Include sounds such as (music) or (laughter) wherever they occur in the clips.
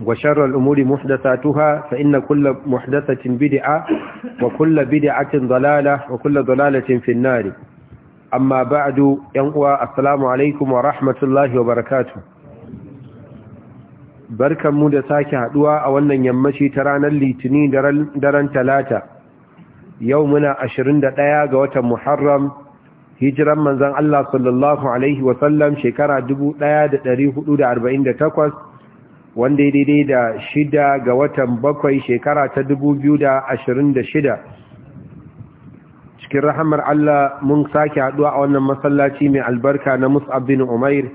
wa sharral umuri muhdathatuha fa inna kulla muhdathatin bid'a wa kulla bid'atin dalalah wa kulla dalalatin fin nar amma ba'du yan uwa assalamu alaikum wa rahmatullahi wa barakatuh barkanmu da sake haɗuwa a wannan yammaci ta ranar litini daren talata yau muna ɗaya ga watan muharram hijiran manzon Allah sallallahu alaihi wa sallam shekara 1448 wanda daidai da shida ga watan bakwai shekara ta da ashirin da shida. cikin rahamar Allah mun sake haɗuwa a wannan masallaci mai albarka na Musa bin Umair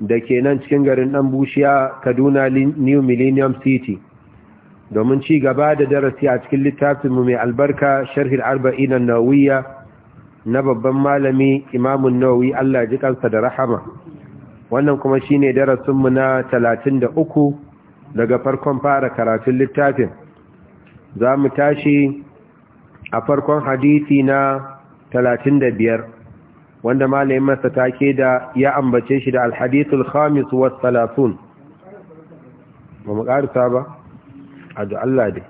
da ke nan cikin garin ɗan bushiya Kaduna New Millennium City domin ci gaba da darasi a cikin littafinmu mai albarka sharhin arba'in na na babban malami imamun nawi Allah ji kansa da rahama wannan kuma shi shine darasinmu na 33 daga farkon fara karatun littafin za mu tashi a farkon hadisi na 35 wanda malamin masa take da ya ambace shi da alhadithul khamis was 30 ba mu karisa ba a da Allah dai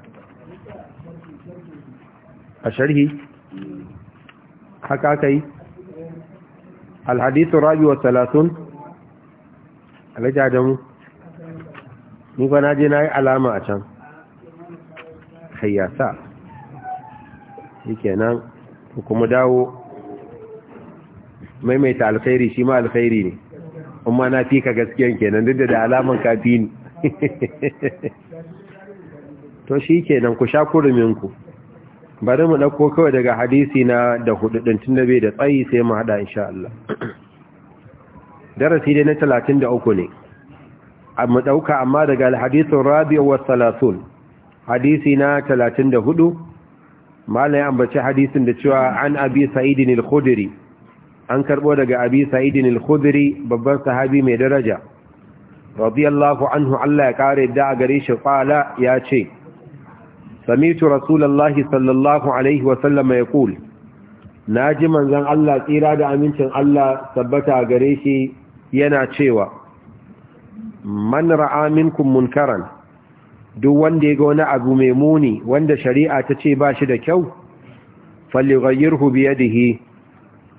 a sharhi haka kai alhadithul rabi was 30 alhaji adamu ni fa na je na yi alama a can hayyasa shikenan ku kuma dawo maimaita alkhairi shi ma alkhairi ne amma na fi ka gaskiyan kenan duk da alaman kafi ni (laughs) to shi kenan ku sha kuruminku bari mu ɗauko kawai daga hadisi na da hudu ɗin tun da bai da tsayi sai mu haɗa insha Allah (clears throat) darasi dai na uku ne A dauka amma daga alhadithur rabi' wa hadisi na 34 malai ambaci hadisin da cewa an abi sa'idin al an karbo daga abi sa'idin al babban sahabi mai daraja radiyallahu anhu Allah ya kare da gare shi qala ya ce samitu rasulullahi sallallahu alaihi wa sallam yaqul naji manzon Allah tsira da amincin Allah tabbata gare shi yana cewa man ra'a minkum munkaran duk wanda ya ga wani abu mai muni wanda shari'a ta ce ba shi da kyau falyughayyirhu bi yadihi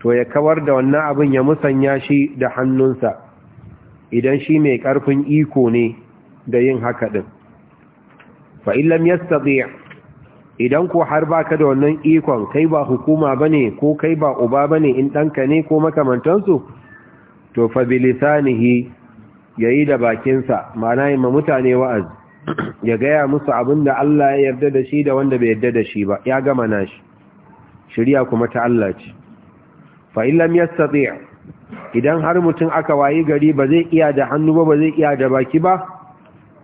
to ya kawar da wannan abin ya musanya shi da hannunsa idan shi mai karfin iko ne da yin haka din fa lam yastati' idan ko har baka da wannan ikon kai ba hukuma bane ko kai ba uba bane in danka ne ko makamantansu to fa ya yayi da bakinsa ma'ana yi ma mutane wa'azi ya gaya musu abin da Allah ya yarda da shi da wanda bai yarda da shi ba ya gama nashi shirya kuma ta Allah ce fa illam yastati idan har mutum aka wayi gari ba zai iya da hannu ba ba zai iya da baki ba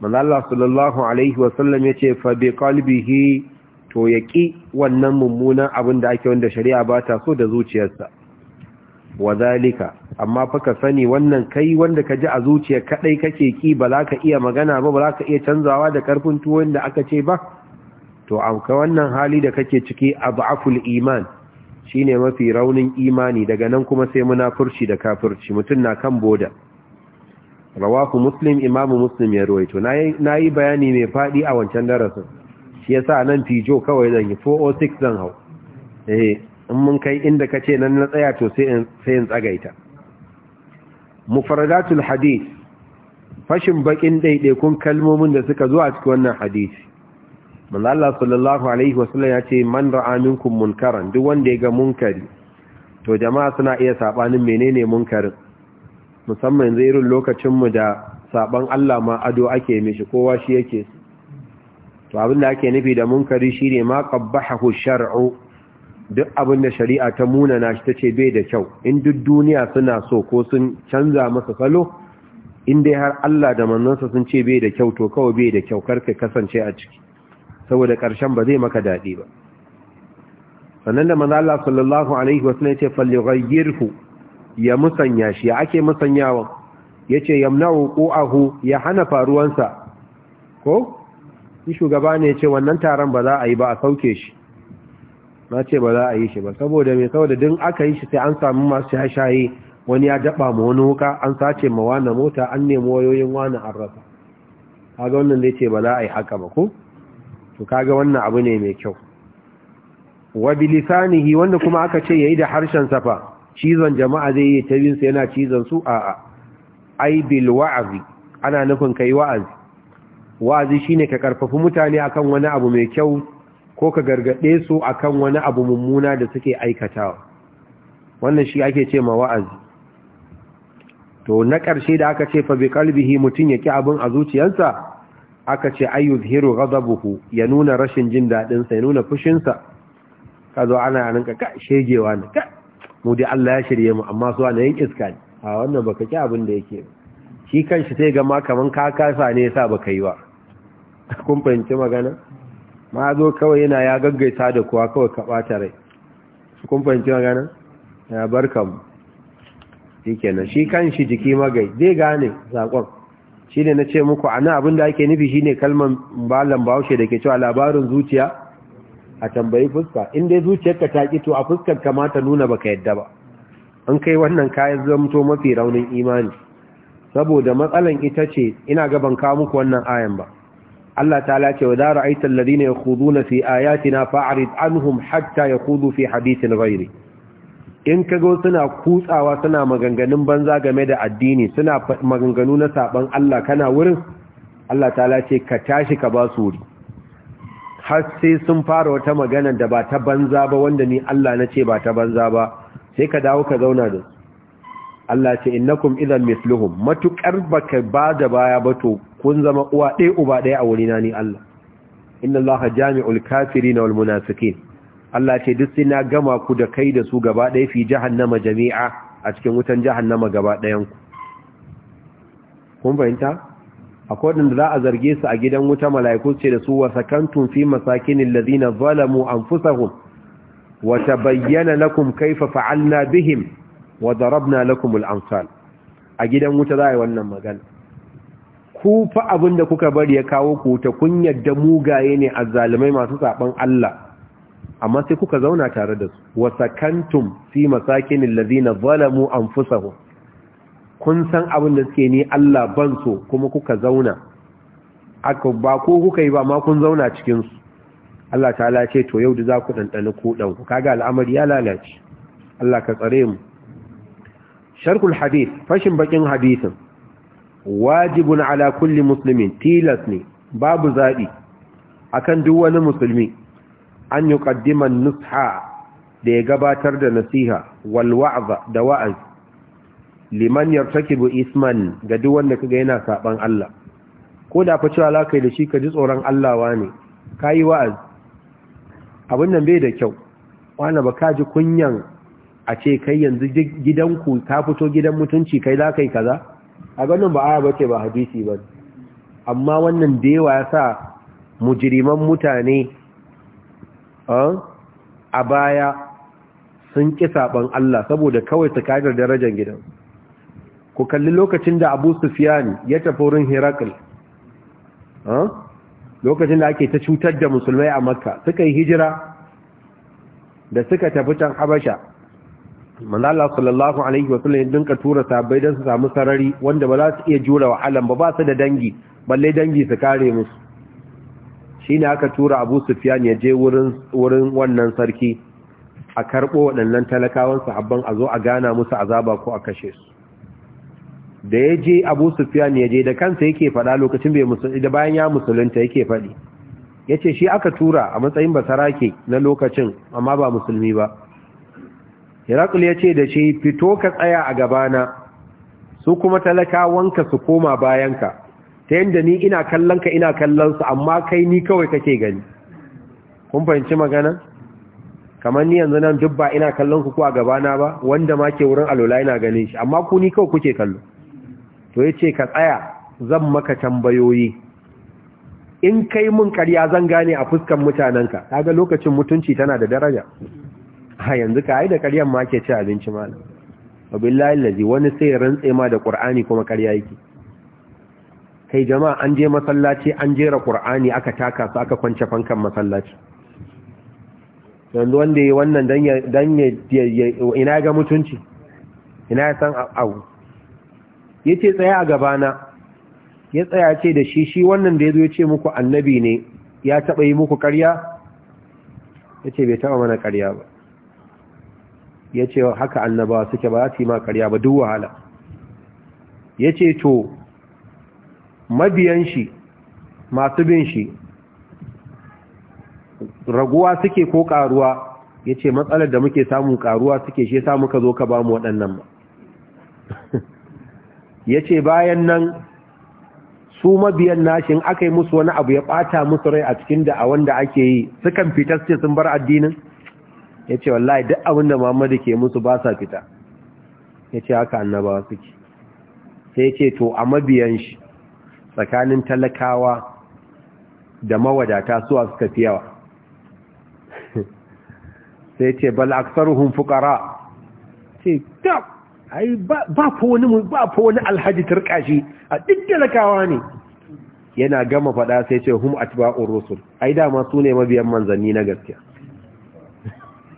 manzo Allah sallallahu alaihi wa sallam ce fa bi qalbihi to yaqi wannan mummunan abin da ake wanda shari'a ba ta so da zuciyarsa wa zalika amma fa ka sani wannan kai wanda ka ji a zuciya kadai kake ki ba za ka iya magana ba ba za ka iya canzawa da karfin tuwon da aka ce ba to amka wannan hali da kake ciki ab'aful iman shine mafi raunin imani daga nan kuma sai munafurci da kafirci mutun na kan boda rawahu muslim imamu muslim ya ruwaito nayi bayani mai fadi a wancan darasin shi yasa nan tijo kawai zan yi 406 zan hau eh in mun kai inda ka ce nan na tsaya to sai in tsagaita mufaradatul hadith fashin bakin ɗaiɗaikun kalmomin da suka zo a cikin wannan hadisi manzo Allah sallallahu alaihi wasallam ya ce man ra'a minkum munkaran duk wanda ya ga munkari to jama'a suna iya sabanin menene munkarin musamman yanzu irin lokacin mu da saban Allah ma ado ake mishi kowa shi yake to abin ake nufi da munkari shine ma qabbahu shar'u duk abin da shari'a ta Muna na shi ta ce bai da kyau in duk duniya suna so ko sun canza masa salo in dai har Allah da manzansa sun ce bai da kyau to kawai bai da kyau karka kasance a ciki saboda karshen ba zai maka daɗi ba sannan da manzo Allah sallallahu alaihi wasallam ya ce falyughayyirhu ya musanya shi ake musanyawa yace yamna'u qu'ahu ya hana faruwansa ko shi shugaba ne ya ce wannan taron ba za a yi ba a sauke shi na ce ba za a yi shi ba saboda mai saboda din aka yi shi sai an samu masu shashaye wani ya daba ma wani wuka an sace ma wani mota an nemi wayoyin wani an rasa kaga wannan da ya ce ba za a yi haka ba ko to kaga wannan abu ne mai kyau wa lisanihi wanda kuma aka ce ya yi da harshen safa cizon jama'a zai yi tabin sa yana cizon su a'a ai wa'azi ana nufin kai wa'azi wa'azi shine ka karfafi mutane akan wani abu mai kyau ko ka gargaɗe su akan wani abu mummuna da suke aikatawa wannan shi ake ce ma wa'azi to na ƙarshe da aka ce fa bi mutum mutun yaki abin a zuciyarsa aka ce ayyuzhiru ghadabuhu ya nuna rashin jin dadin sa ya nuna fushin sa kazo ana nan ka shegewa ne ka mu dai Allah ya shirye mu amma su ana yin iska ne a wannan baka ki abin da yake shi kanshi sai ga ma kaman ka kasa ne yasa baka yi ba (laughs) kun fahimci magana ma zo kawai yana ya gaggaita da kuwa kawai ka ɓata rai su kun fahimci magana ya bar mu, shi kenan shi kan shi jiki magai zai gane Zakon. shi ne na ce muku a abin da ake nufi shi ne kalmar balan bahaushe da ke cewa labarin zuciya a tambayi fuska inda zuciyarka ta ƙito, a fuskar kamata nuna baka yadda ba an kai wannan kayan zamto mafi raunin imani saboda matsalan ita ce ina gaban kawo muku wannan ayan ba Allah ta'ala ce wa da ya alladhina na fi ayatina fa'rid anhum hatta kudu fi hadisin rairi in kago suna kutsawa suna maganganun banza game da addini suna maganganu na saban Allah kana wurin Allah ta'ala ce ka tashi ka ba su wuri har sai sun fara wata magana da ba ta banza ba wanda ni Allah na ce ba ta banza ba sai ka dawo ka zauna da su Allah ce innakum idan mithluhum matukar baka ba da baya ba to kun zama uwa ɗaya uba ɗaya a wurina ni Allah inna Allah jami'ul kafirina wal munafiqin Allah ce duk sai na gama ku da kai da su gaba ɗaya fi jahannama jami'a a cikin wutan jahannama gaba ɗayan ku kun fahimta akwai da za a zarge su a gidan wuta mala'iku ce da su wa sakantum fi masakinil ladina zalamu anfusahum wa tabayyana lakum kaifa fa'alna bihim wa darabna lakum al-amsal a gidan wuta za a yi wannan magana ku fa abin da kuka bari ya kawo ku ta kun yadda mugaye ne a azzalumai masu saban Allah amma sai kuka zauna tare da su wa sakantum fi masakinil ladina zalamu anfusahum kun san abin da suke ni Allah ban so kuma kuka zauna aka ba ko kuka yi ba ma kun zauna cikin su Allah ta'ala ce to yau da za ku ɗanɗana dan ku, kaga al'amari ya lalace Allah ka tsare mu sharkul hadith fashin bakin hadithin wajibun ala kulli muslimin tilas ne babu zaɓi akan duk wani musulmi an yi ƙaddiman nusha da ya gabatar da nasiha walwa'aza da wa'an liman bu isman ga duk wanda kaga yana saban Allah ko da fi cewa lakai da shi ka ji tsoron Allah wa ne? Ka yi wa'an abin nan bai da kyau wani ba ka ji kunyan a ce kai yanzu gidanku ta fito gidan mutunci kai za kai kaza a ganin ba aya bace ba hadisi ba amma wannan da yawa ya sa mujiriman mutane eh, a baya sun ƙi saɓan Allah saboda kawai su kajar darajar gidan ku kalli lokacin da abu sufiyani ya tafi wurin herakl eh, lokacin da ake ta cutar da musulmai a makka suka yi hijira da suka tafi can habasha manzo Allah sallallahu alaihi wa sallam dinka tura sabai dan su samu sarari wanda ba za su iya jura wahalan ba ba su da dangi balle dangi su kare musu shine aka tura Abu Sufyan ya je wurin wurin wannan sarki a karbo waɗannan talakawan sahabban a zo a gana musu azaba ko a kashe su da ya je Abu Sufyan ya je da kansa yake faɗa lokacin bai musulunta da bayan ya musulunta yake faɗi yace shi aka tura a matsayin basarake na lokacin amma ba musulmi ba Hirakul ya ce da shi fito ka tsaya a gabana su kuma talakawanka su koma bayanka ta yadda ni ina kallon ka ina kallon su amma kai ni kawai kake gani kun fahimci magana kamar ni yanzu nan duk ba ina kallon ku a gabana ba wanda ma ke wurin alola ina ganin shi amma ku ni kawai kuke kallo to yace ka tsaya zan maka tambayoyi in kai mun karya zan gane a fuskan mutanen mutanenka kaga lokacin mutunci tana da daraja A yanzu ka yi da ƙaryan ma ke ci abinci malam wabillahi lazi wani sai rantse ma da ƙur'ani kuma karya yake kai jama'a an je masallaci an jera ƙur'ani aka taka su aka kwance fankan masallaci yanzu wanda ya wannan don ya ina ga mutunci ina ya san abu ya ce tsaye a gabana ya tsaya ce da shi shi wannan da ya zo ce muku annabi ne ya taɓa yi muku karya? ya ce bai taɓa mana karya ba ya ce haka annabawa suke ba su yi ma karya ba duk wahala ya ce to mabiyan shi masu bin shi raguwa suke ko karuwa ya ce matsalar da muke samun karuwa suke shi sa muka zo ka ba mu waɗannan ba (laughs) ya ce bayan nan su mabiyan nashin aka yi musu wani abu ya ɓata musu rai a cikin da a wanda ake yi sukan fitar ce sun bar addinin ya ce wallahi duk abinda muhammadu ke musu ba sa fita ya ce haka annaba suke sai ce to a mabiyan shi tsakanin talakawa da mawadata suwa suka fi yawa (laughs) sai ce bal aksaruhum fukara ce tab ai ba fi wani ba wani alhaji turkashi a duk talakawa ne yana gama fada sai ce hum atba'ur rusul ai dama su ne mabiyan manzanni na gaskiya (laughs)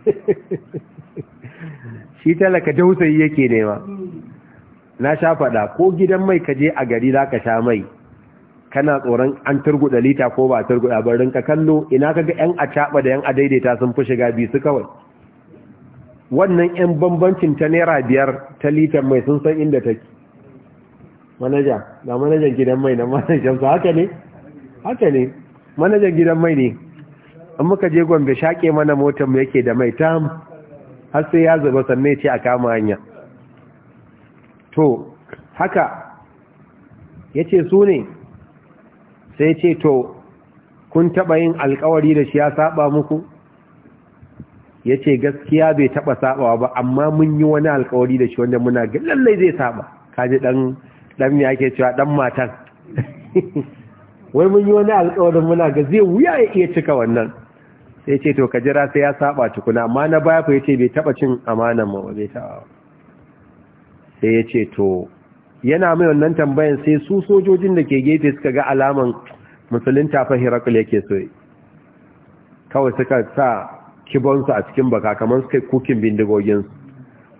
shi talaka tausayi yake nema na sha faɗa ko gidan mai kaje a gari za ka sha mai kana tsoron an turguda lita ko ba turguda ba rinka kallo ina kaga yan acaɓa da yan daidaita sun fi shiga biyu su kawai wannan yan bambancin ta naira biyar ta litan mai sun san inda take manaja na manajan gidan mai na manajan su haka ne haka ne manajan gidan mai ne in muka je gombe shaƙe mana motar mu yake da mai tam har sai ya zuba sannan ce a kama hanya to haka ya ce su ne sai ce to kun taɓa yin alkawari da shi ya saba muku ya ce gaskiya bai taɓa sabawa ba amma mun yi wani alkawari da shi wanda muna lallai zai saba kaji ɗan ɗan ne ake cewa ɗan matan (laughs) wai mun yi wani alkawarin muna ga zai wuya ya iya cika wannan sai ce to ka jira sai ya saba tukuna amma na baya fa yace bai taba cin amanan mu ba bai taba sai yace to yana mai wannan tambayan sai su sojojin da ke gefe suka ga alaman musulunta fa hirakul yake so kawai suka sa kibonsu a cikin baka kamar suka kukin bindigoginsu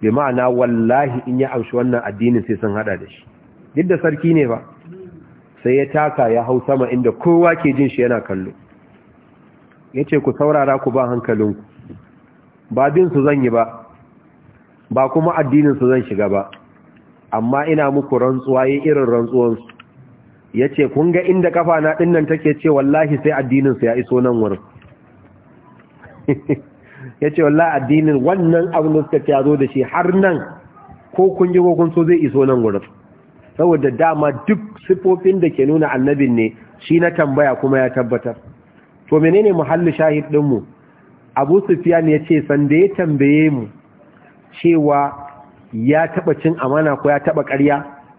bi ma'ana wallahi in ya aushi wannan addinin sai sun hada da shi duk da sarki ne ba sai ya taka ya hau sama inda kowa ke jin shi yana kallo ya ce ku saurara ku ba hankalinku ba dinsu zan yi ba ba kuma addininsu zan shiga ba amma ina muku rantsuwa yi irin rantsuwansu ya ce kun ga inda kafa na ɗinnan take ce wallahi sai addininsu ya iso nan wurin (laughs) ya ce wallahi addinin wannan abin da suka ce ya zo da shi har nan ko kun ji ko kun so zai iso nan wurin saboda dama duk sifofin da ke nuna annabin ne shi na tambaya kuma ya tabbatar to menene muhallu shahid din mu? abu Sufyan ya ce sanda ya tambaye mu cewa ya taɓa cin amana ko ya taɓa ƙarya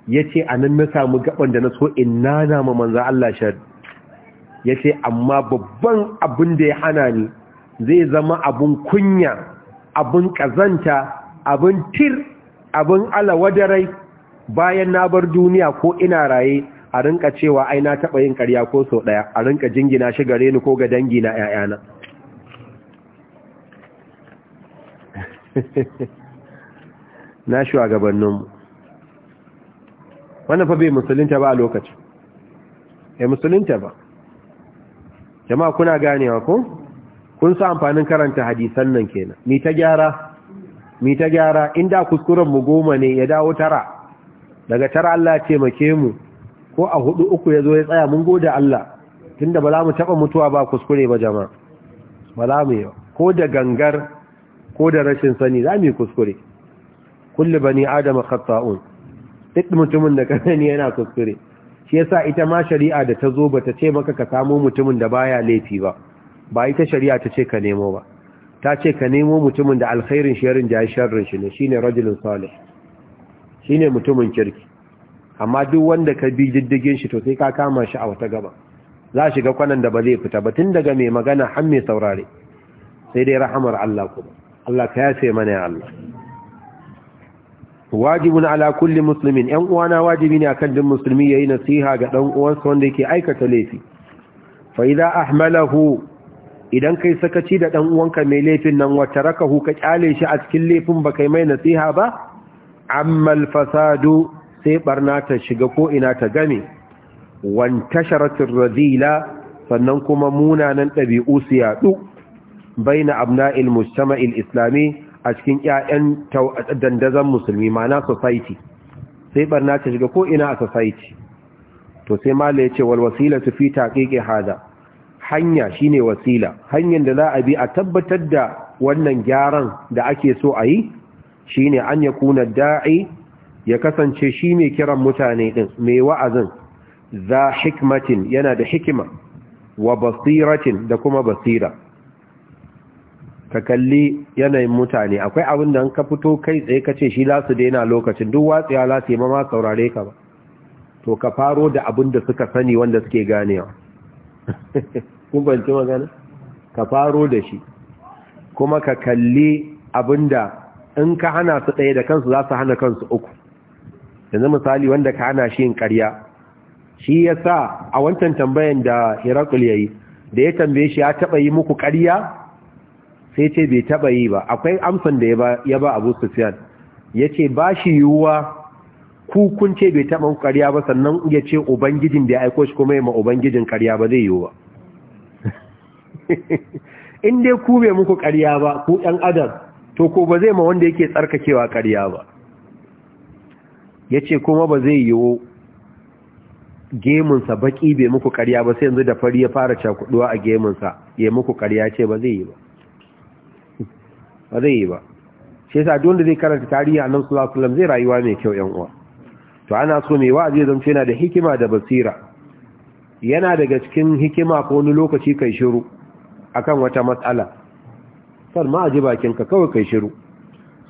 ya ce a nan na samu gaban da na so in na ma manzan Allah shar ya ce amma babban abin da ya hana ni zai zama abin kunya abin ƙazanta abin tir abin alawadarai bayan na bar duniya ko ina raye a rinka cewa ai na taɓa yin ƙarya ko sau ɗaya a rinka jingina shi gare ni ko ga dangi na ‘ya'yana (laughs) na shugabanninmu wannan fa bai musulunta ba a lokacin ya musulunta ba jama'a kuna ganewa ko kun sa amfanin karanta hadisan nan kenan ni ta gyara mi ta gyara inda kuskuren mu goma ne ya dawo tara daga tara Allah ya taimake mu ko a hudu uku ya zo ya tsaya mun gode Allah tunda ba za mu taɓa mutuwa ba kuskure ba jama'a ba za mu yi ko da gangar ko da rashin sani za mu yi kuskure kullu bani adam khata'un duk mutumin da ni yana kuskure shi yasa ita ma shari'a da ta zo bata ce maka ka samu mutumin da baya laifi ba ba ita shari'a ta ce ka nemo ba ta ce ka nemo mutumin da alkhairin shi yarin jayi shi ne shine rajulun salih shine mutumin kirki amma duk wanda ka bi diddigin shi to sai ka kama shi a wata gaba za shiga kwanan da ba zai fita ba tun daga mai magana har mai saurare sai dai rahamar Allah kuma Allah ka yafe mana ya Allah wajibun ala kulli muslimin yan uwana wajibi ne akan duk musulmi yayi nasiha ga dan uwansa wanda yake aikata laifi fa idza ahmalahu idan kai sakaci da dan uwanka mai laifin nan wa tarakahu ka kyale shi a cikin laifin ba kai mai nasiha ba amma al fasadu sai barna ta shiga ko'ina ta game wantasharatir radila sannan kuma munanan ɗabi'u su yaɗu baina abna'il mujtama'il islami a cikin 'ya'yan dandazon musulmi mana society sai barna ta shiga ko'ina a society to sai mala ce wal su fi taqiqi hada hanya shine wasila hanyar da za a bi a tabbatar da wannan gyaran da ake so a yi shine an yakuna da'i ya kasance shi mai kiran mutane din mai wa'azin za hikmatin yana da hikima wa basiratin da kuma basira ka kalli yanayin mutane akwai abin da ka fito kai tsaye ka ce shi lasu daina lokacin duk watsiya lasu yi ma saurare ka ba to ka faro da abin da suka sani wanda suke ganewa (laughs) kubanci magana ka faro da shi kuma ka kalli abin da in ka hana su ɗaya da kansu za su hana kansu uku yanzu misali wanda ka hana shi yin ƙarya shi ya sa a wancan tambayan da hirakul ya yi da ya tambaye shi ya taɓa yi muku ƙarya sai ce bai taɓa yi ba akwai amsan da ya ba abu sufiyan ya ce ba shi yiwuwa kun ce bai taɓa muku ƙarya ba sannan ya ce ubangijin da ya aiko shi kuma yi ma ubangijin ƙarya ba zai yiwu ba (laughs) in dai ku bai muku ƙarya ba ku ɗan adam to ko ba zai ma wanda yake tsarkakewa ƙarya ba ya ce kuma ba zai yiwu gemunsa baƙi bai muku ƙarya ba sai yanzu da fari ya fara cakuduwa a gemunsa ya muku ƙarya ce ba zai yi ba ba zai yi ba shi yasa duk wanda zai karanta tarihi annabi sallallahu alaihi wasallam zai rayuwa mai kyau yan uwa to ana so mai wa'azi ya zama yana da hikima da basira yana daga cikin hikima ko wani lokaci kai shiru akan wata matsala Kar ma aji bakinka kawai kai shiru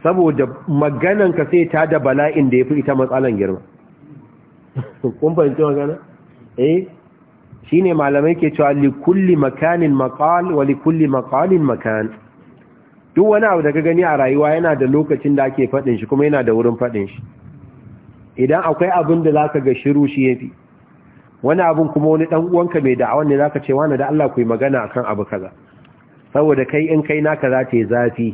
saboda magananka sai ta da bala'in da ya fi ita matsalan girma kun fahimci magana eh Shi ne malamai ke cewa likulli kulli makanin makal wa likulli kulli makan duk wani abu da ka gani a rayuwa yana da lokacin da ake fadin shi kuma yana da wurin fadin shi idan akwai abin da za ka ga shiru shi ya fi, wani abin kuma wani ɗan'uwanka uwanka mai da'awan ne ka ce wani da Allah ku yi magana akan abu kaza saboda kai in kai naka za ta yi zafi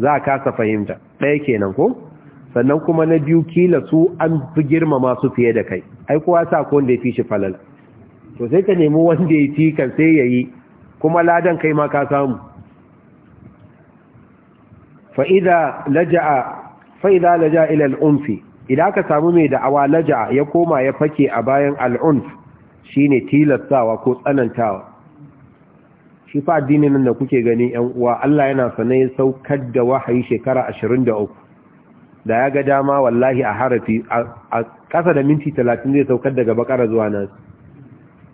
za a kasa fahimta ɗaya kenan ko sannan kuma na biyu kila su an fi girmama su fiye da kai ai kowa sa ko wanda ya fi shi falal to sai ka nemi wanda ya fi kan sai ya yi kuma ladan kai ma ka samu fa'ida laja ilal al'unfi idan ka samu mai da awa laja ya koma ya fake a bayan al'unf shine tilastawa ko tsanantawa shi fa addinin nan da kuke gani yan uwa Allah yana sane saukar da wahayi shekara 23 da ya ga dama wallahi a harafi a kasa da minti 30 zai saukar daga bakara zuwa nan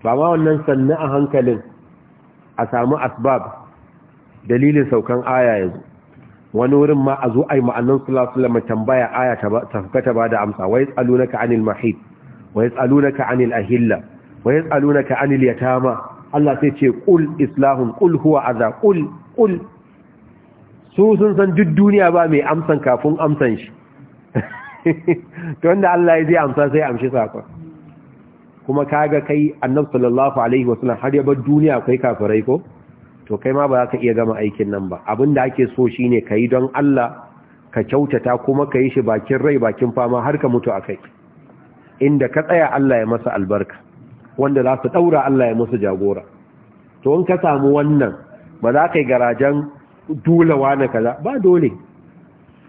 ba ma wannan sanna a hankalin a samu asbab dalilin saukan aya yanzu wani wurin ma a zo ai ma'annan wasallam tambaya aya ta fukata ba da amsa wai yasalunaka anil mahid wai yasalunaka anil ahilla wai yasalunaka anil yatama Allah sai ce kul islahun qul huwa aza qul qul su sun san duk duniya ba mai amsan kafin amsan shi (laughs) to wanda Allah ya zai amsa sai amshi sakon kuma kaga kai annabi sallallahu alaihi wasallam har ya bar duniya kai kafirai ko to kai ma ba za ka iya gama aikin nan ba abinda ake so shine kai don Allah ka kyautata kuma ka yi shi bakin rai bakin fama har ka mutu akai inda ka tsaya Allah ya masa albarka wanda za su ɗaura Allah ya musu jagora to in ka samu wannan ba za ka yi garajen dulawa na kaza ba dole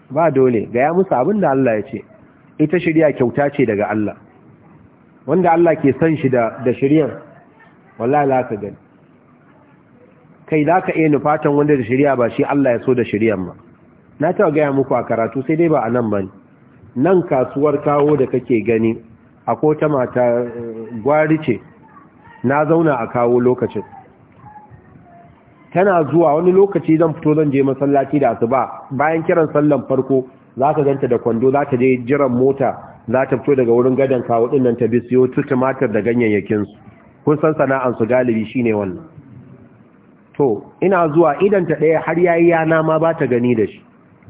ba dole ga ya musu abin da Allah ya ce ita shirya kyauta ce daga Allah wanda Allah ke son shi da shiryar wallahi za ka gani kai za ka iya nufatan wanda da shirya ba shi Allah ya so da shiryan ba na taɓa gaya muku a karatu sai dai ba a nan ba nan kasuwar kawo da kake gani a kota mata eh, gwari ce na zauna a kawo lokacin tana zuwa wani lokaci zan fito zan je masallaci da asuba bayan kiran sallan farko za ka ganta da kwando za ta je jiran mota za ta fito daga wurin gadon kawo dinnan ta bisiyo tu tumatir da ganyayyakin su, kun san sana'ansu galibi shi ne wannan to ina zuwa idan ta ɗaya har yayi yana ma ba ta gani da shi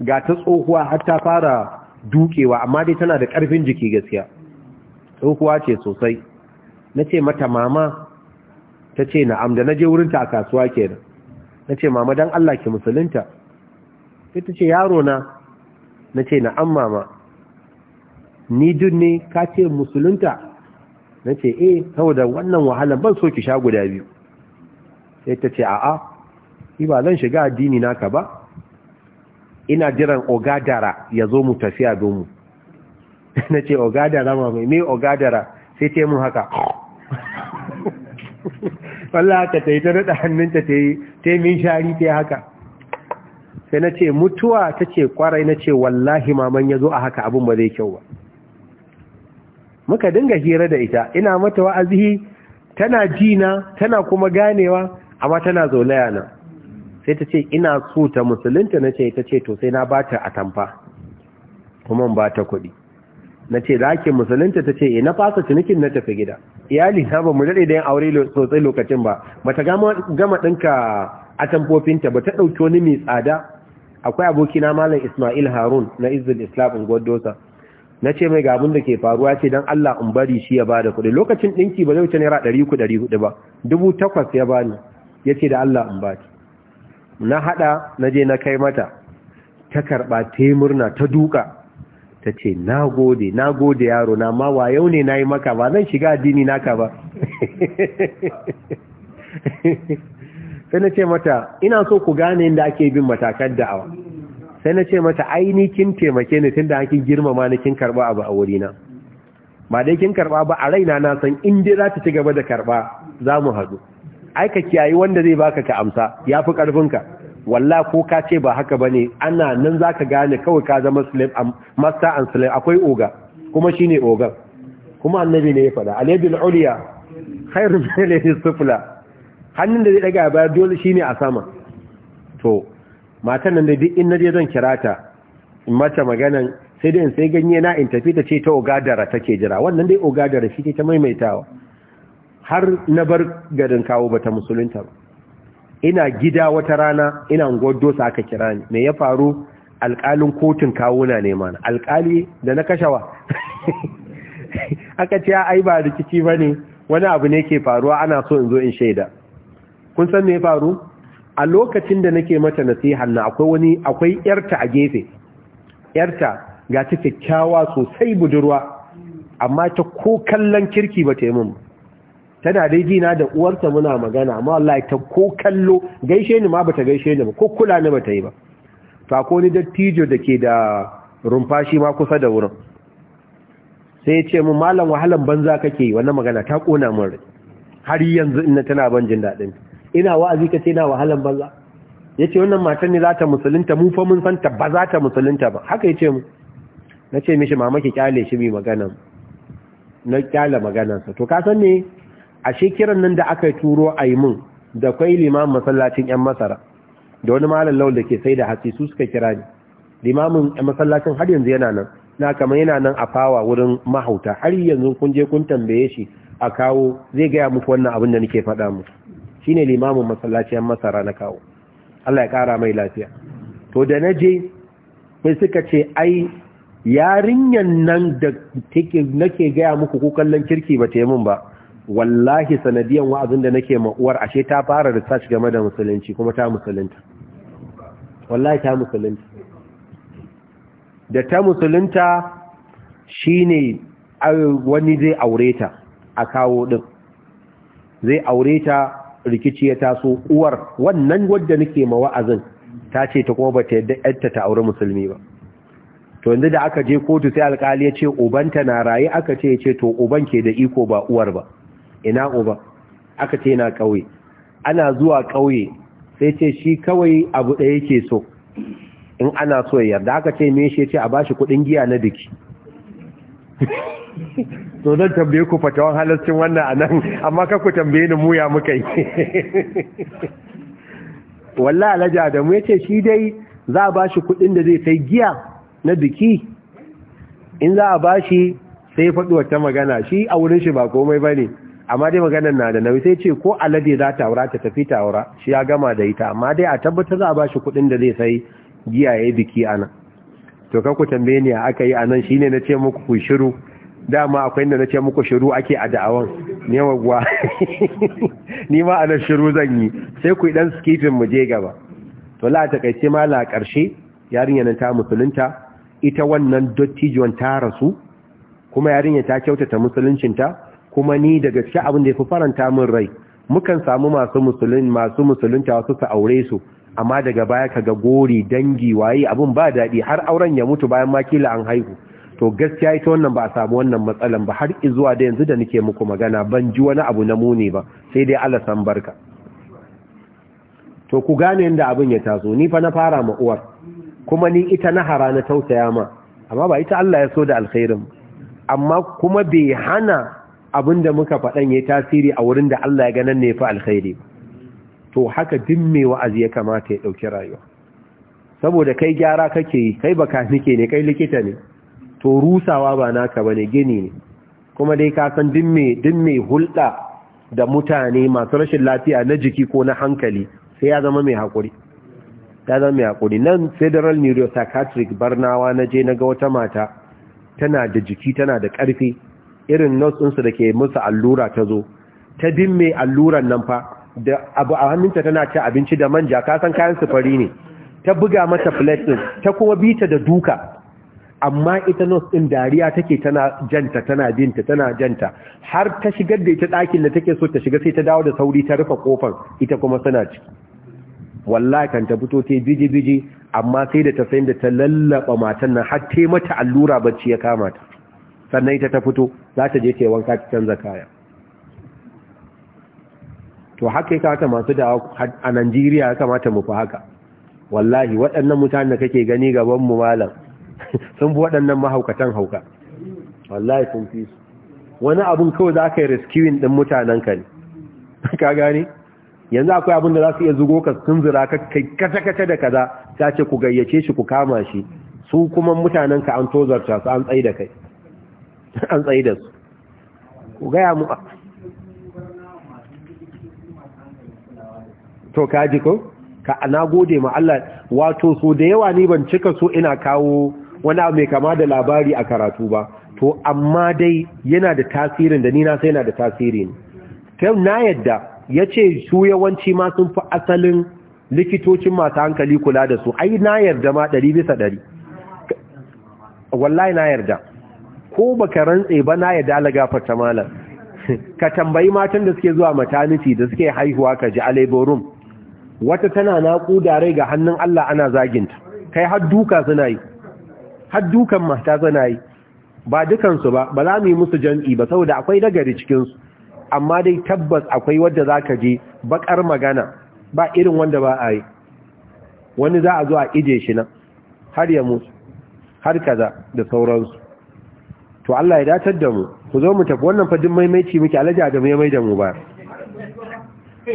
ga ta tsohuwa har ta fara dukewa amma dai tana da ƙarfin jiki gaskiya tsohuwa ce sosai na ce mata mama ta ce na'am da na je wurinta a kasuwa kenan na ce mama don Allah ke musulunta sai ta ce yaro na na ce na'am mama ni dun ne ka ce musulunta na ce eh saboda wannan wahalar ban so ki sha guda biyu sai ta ce a'a ni ba zan shiga addini naka ba ina jiran ogadara ya zo mu tafiya domin na ce ogadara mamai me ogadara sai ce mun haka wallah haka ta yi ta rada hannunta ta yi ta yi min shari ta yi haka sai na ce mutuwa ta ce kwarai na ce wallahi maman ya zo a haka abin ba zai kyau ba muka dinga hira da ita ina mata wa'azihi tana jina tana kuma ganewa amma tana zolaya na sai ta ce ina so ta musulunta na ce ita ce to sai na bata atamfa kuma ba ta kuɗi na ce za musulunta ta ce e na fasa cinikin na tafi gida iyali na ba mu daɗe da yin aure sosai lokacin ba bata gama ɗinka a tamfofinta ba ta ɗauki wani mai tsada akwai abokina malam ismail harun na izul islam in gwadosa na ce mai gabin da ke faruwa ce don allah in bari shi ya bada kuɗi lokacin ɗinki ba zai wuce naira ɗari uku ɗari ba dubu takwas ya bani ya da allah in baki na haɗa na je na kai mata ta karɓa ta yi murna ta duka ta ce na gode na gode yaro na ma wa yau ne na yi maka ba zan shiga addini naka ba (laughs) sai na ce mata ina so ku gane inda ake bin matakan da'awa sai na ce mata ainihin taimake ni tun da hakin girmama ni kin karba abu a wurina ba dai kin karba ba a raina na san in dai za ta ci gaba da karba za mu haɗu ai ka kiyayi wanda zai baka ka amsa ya fi ƙarfinka walla ko ka ce ba haka ba ne? ana nan zaka gane kawai ka zama slave master and slave akwai oga kuma shine ogan kuma annabi ne ya faɗa alyadul ulya khairu min sufla hannun da zai daga ba dole shine a sama to matan nan da duk in naje zan kira ta in mata maganan sai dai in sai ganye na in tafi ta ce ta ogadara take jira wannan dai ogadara shi ke ta maimaitawa har na bar garin kawo bata musulunta ba ina gida wata rana ina sa aka kira ni me ya faru alƙalin kotun kawuna ne mana alƙali da na kashawa (laughs) aka ce ai ba rikici ba ne wani abu ne ke faruwa ana so in zo in shaida kun san me ya faru a lokacin da nake mata nasiha na akwai wani akwai yarta a gefe yarta ga ta kyakkyawa sosai budurwa amma ta ko kallon kirki ba ta yi mun ba tana dai jina da uwarta muna magana amma ya ta ko kallo gaishe ni ma bata gaishe ni ba ko kula ni bata yi ba to akwai ni dattijo dake da rumfashi ma kusa da wurin sai ya ce mu malam wahalan banza kake yi wannan magana ta kona min rai har yanzu ina tana ban jin dadin ina wa'azi ka ce ina wahalan banza yace wannan matar ne za ta musulunta mu fa mun san ta ba za ta musulunta ba haka yace mu nace mishi mama ki kyale shi mai magana na kyale maganarsa to ka san ne ashe kiran nan da aka turo a yi mun da kwai liman masallacin 'yan masara da wani malam laul da ke sai da hatsi su suka kira ni limamin masallacin har yanzu yana nan na kamar yana nan a fawa wurin mahauta har yanzu kun je kun tambaye shi a kawo zai gaya muku wannan abin da nake faɗa mu shine limamin masallacin masara na kawo Allah ya ƙara mai lafiya to da na je sai suka ce ai yarinyan nan da nake gaya muku ko kallon kirki ba ta yi min ba wallahi sanadiyan wa'azin da nake ma'uwar ashe ta fara research game da musulunci kuma ta musulunta wallahi ta musulunta da ta musulunta shine wani zai aure ta a kawo din zai aure ta rikici ya taso uwar wannan wadda nake ma wa'azin ta ce ta kuma bata yadda yarta ta aure musulmi ba to yanzu da aka je kotu sai alkali ya ce ubanta na raye aka ce ya ce to uban ke da iko ba uwar ba ina uba aka ce yana ƙauye ana zuwa ƙauye sai ce shi kawai abu ɗaya yake so in ana so ya yarda aka ce me shi ce a bashi kuɗin giya na biki (laughs) to zan tambaye ku fatawan halaccin wannan a nan amma ku tambaye ni muya muka yi (laughs) walla alaja da mu yace shi dai za a bashi kuɗin da zai sai giya na biki in za a bashi sai faɗuwa ta magana shi a wurin shi ba komai bane amma dai maganar na da nauyi sai ce ko alade za ta aura ta tafi ta aura shi ya gama da ita amma dai a tabbatar za a ba shi kuɗin da zai sai giya ya biki a nan to kan ku tambaye ni aka yi anan shine na ce muku ku shiru dama akwai inda na ce muku shiru ake a da'awan ne wagwa (laughs) ni ma ana shiru zan yi sai ku dan skifin mu je gaba to la ta kai ma la karshe yarinya nan ta musulunta ita wannan dottijuwan ta rasu kuma yarinya ta kyautata musuluncinta kuma ni daga cikin abin da ya fi faranta min rai mukan samu masu musulun masu musulunta wasu su aure su amma daga baya kaga gori dangi waye abin ba daɗi har auren ya mutu bayan makila an haihu to gaskiya ita wannan ba a samu wannan matsalan ba har zuwa da yanzu da nake muku magana ban ji wani abu na muni ba sai dai Allah san barka to ku gane inda abin ya taso ni fa na fara ma uwar kuma ni ita na hara na tausaya ma amma ba ita Allah ya so da alkhairin amma kuma bai hana da muka faɗan ya tasiri a wurin da Allah ya ganin ne fi alkhairi to haka duk mai wa'azi ya kamata ya ɗauki rayuwa saboda kai gyara kake yi kai baka nike ne kai likita ne to rusawa ba naka ba ne, gini ne kuma dai ka san duk mai hulɗa da mutane masu rashin lafiya na jiki ko na hankali sai ya zama mai haƙuri ya zama mai haƙuri nan federal neuropsychiatric barnawa na je na ga wata mata tana da jiki tana da ƙarfi irin nutsinsu da ke musu allura ta zo ta mai alluran nan fa da abu a hannunta tana ci abinci da manja ka san kayan sufari ne ta buga mata plate din ta kuma bita da duka amma ita nurse din dariya take tana janta tana binta tana janta har ta shigar da ita ɗakin da take so ta shiga sai ta dawo da sauri ta rufe kofar ita kuma suna ciki wallahi kan ta fito sai biji biji amma sai da ta sayin da ta lallaba matan nan har te mata allura bacci ya kama ta sannan ita ta fito za ta je ta yi wanka ta canza kaya to haka ya kamata masu da a Najeriya ya kamata mu fi haka wallahi waɗannan mutane da kake gani gaban mu malam (laughs) sun bi waɗannan mahaukatan hauka wallahi sun fi su wani abun kawai za ka yi rescuing ɗin mutanen ka ne (laughs) ka gane yanzu akwai abin da za su iya zugo ka sun zira ka kace-kace da kaza ta ce ku gayyace shi ku kama shi su kuma mutanen ka an tozarta su an tsaye da kai an tsaye da su ku gaya mu to kaji ko ka na gode ma Allah wato so da yawa ni ban cika so ina kawo wani mai kama da labari a karatu ba to amma dai yana da tasirin da ni na sai yana da tasiri ne ta na yadda ya ce su yawanci ma sun fi asalin likitocin masu hankali kula da su ai na yarda ma ɗari bisa ɗari wallahi na yarda ko baka rantse ba na ya dala gafarta malam (laughs) ka tambayi matan da suke zuwa maternity da suke haihuwa ka ji a labor wata tana naƙuda rai ga hannun Allah ana zaginta kai har duka suna yi har dukan mata suna yi ba dukansu ba ba za mu yi musu jam'i ba saboda akwai nagari cikinsu amma dai tabbas akwai wadda zaka je bakar magana ba irin wanda ba a yi wani za a zo a ije shi nan har ya mutu har kaza da sauransu to Allah ya datar da mu ku zo mu tafi wannan fadin maimaici muke alaji da ya da mu ba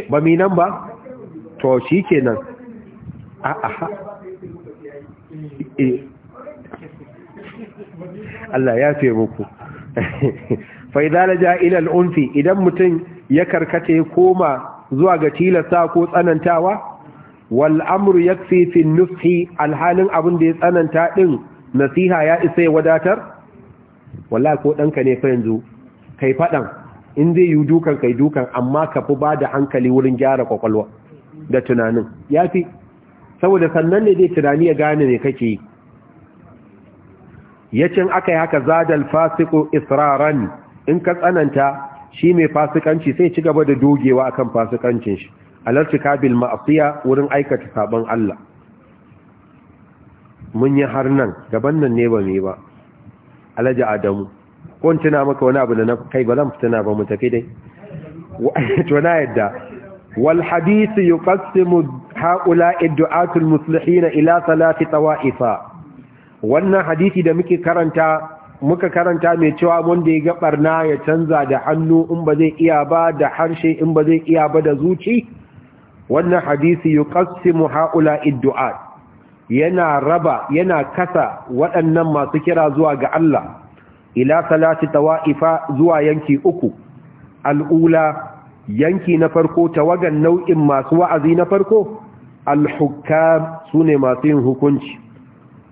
ba mi nan ba to shi kenan a a e. Allah ya fi muku (laughs) fa idza ilal unfi idan mutum ya karkata ya koma zuwa ga tilasta ko tsanantawa wal amru yakfi fi an-nushi alhalin abin da ya tsananta din nasiha ya isa ya wadatar wallahi ko ɗanka ne fa yanzu kai faɗan in zai yi dukan kai dukan amma ka fi ba da hankali wurin gyara kwakwalwa da tunanin ya fi saboda sannan ne zai tunani ya gane ne kake yi ya cin aka yi haka zadal fasiku israran in ka tsananta shi mai fasikanci sai ci gaba da dogewa a kan fasikancin shi alarci kabil ma'asiya wurin aikata sabon Allah mun yi har nan gaban nan ne ba mai ba Alaja adamu ko in tuna maka wani abu da na kai ba zan fitina ba mu dai to na yadda wal hadith yuqassimu haula iddu'atul muslihin ila salati tawa'ifa wannan hadisi da muke karanta muka karanta mai cewa wanda ya ga barna ya canza da hannu in ba zai iya ba da harshe in ba zai iya ba da zuci wannan hadisi yuqassimu haula iddu'at yana raba yana kasa waɗannan masu kira zuwa ga Allah ila salati tawa'ifa zuwa yanki uku al'ula yanki na farko tawagan nau'in masu wa'azi na farko al-hukam sune masu yin hukunci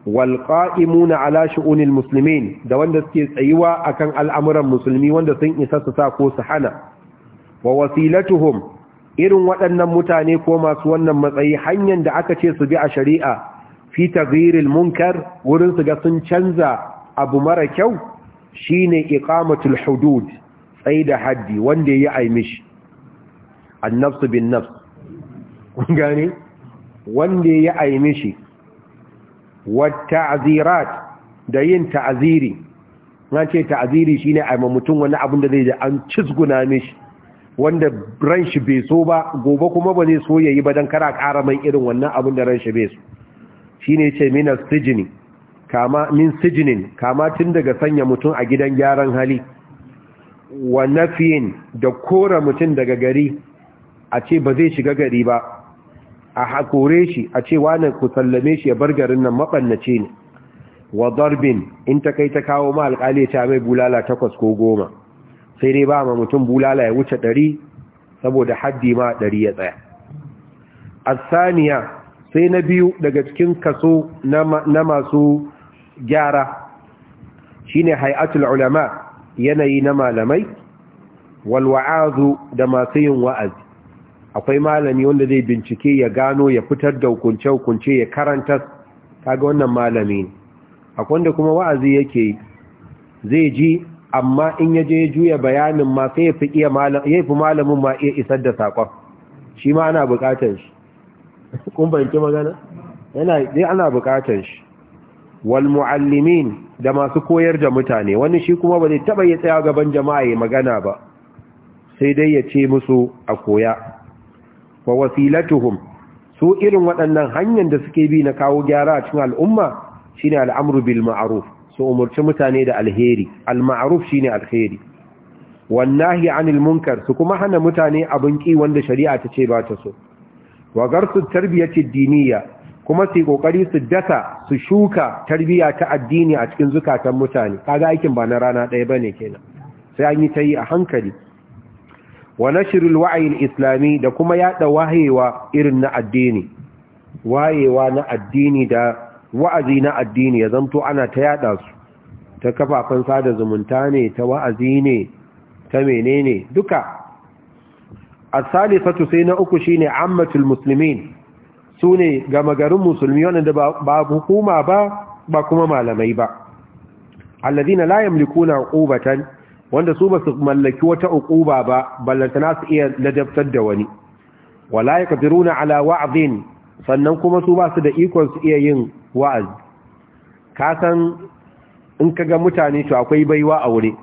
wal qa'imuna ala shu'unil muslimin da wanda suke tsayuwa akan al'amuran musulmi wanda sun isa su sa ko su hana wa wasilatuhum irin waɗannan mutane ko masu wannan matsayi hanyar da aka ce su bi a shari'a fi taghyiril munkar wurin su ga sun canza abu mara kyau shine iqamatul hudud tsaida haddi wanda ya aimishi annafs bin nafs gane wanda ya aimishi wat ta'zirat da yin ta'ziri na ce ta'ziri shine aima mutum wani abin da zai da an cizguna mishi wanda ran shi bai so ba gobe kuma ba zai so yayi ba dan kara ƙara mai irin wannan abin da ran shi bai so Shi ne ce minas sijini kama min sijinin kama tun daga sanya mutum a gidan gyaran hali wa nafiyin da kora mutum daga gari a ce ba zai shiga gari ba a hakore shi a ce wani ku sallame shi ya bar garin nan maɓannace ne wa zarbin in ta kai ta kawo ma alƙali ta mai bulala takwas ko goma sai dai ba ma mutum bulala ya wuce ɗari saboda haddi ma ɗari ya tsaya asaniya sai na biyu daga cikin kaso na masu gyara shine hai'atul ulama yanayi na malamai walwa'azu da masu yin wa'azi akwai malami wanda zai bincike ya gano ya fitar da hukunce-hukunce ya karanta kaga wannan malami akwai wanda kuma wa'azi yake zai ji amma in ya je juya bayanin ma ya fi malamin ma iya isar da saƙon shi ma ana buƙatar shi kun magana yana dai ana bukatar shi wal muallimin da masu koyar da mutane wani shi kuma ba zai taba ya tsaya gaban jama'a ya magana ba sai dai ya ce musu a koya wa wasilatuhum su irin waɗannan hanyar da suke bi na kawo gyara a cikin al'umma shine al'amru bil ma'ruf su umurci mutane da alheri al ma'ruf shine alheri wannahi anil munkar su kuma hana mutane abin ki wanda shari'a ta ce ba ta so wa garsu tarbiyati diniya kuma su kokari su dasa su shuka tarbiyya ta addini a cikin zukatan mutane kaga aikin ba na rana ɗaya bane kenan sai an yi ta yi a hankali wa nashrul wa'yi islami da kuma yada wayewa irin na addini wayewa na addini da wa'azi na addini ya zanto ana ta yada su ta kafafen sada zumunta ne ta wa'azi ne ta menene duka asalifatu sai na uku shine ammatul muslimin sune gama garin musulmi wanda ba hukuma ba ba kuma malamai ba alladina la yamlikuna uqubatan wanda su ba su mallaki wata uquba ba ballantana su iya ladabtar da wani wala yaqdiruna ala wa'dhin sannan kuma su ba su da ikon su iya yin wa'azi ka san in kaga mutane to akwai baiwa a wuri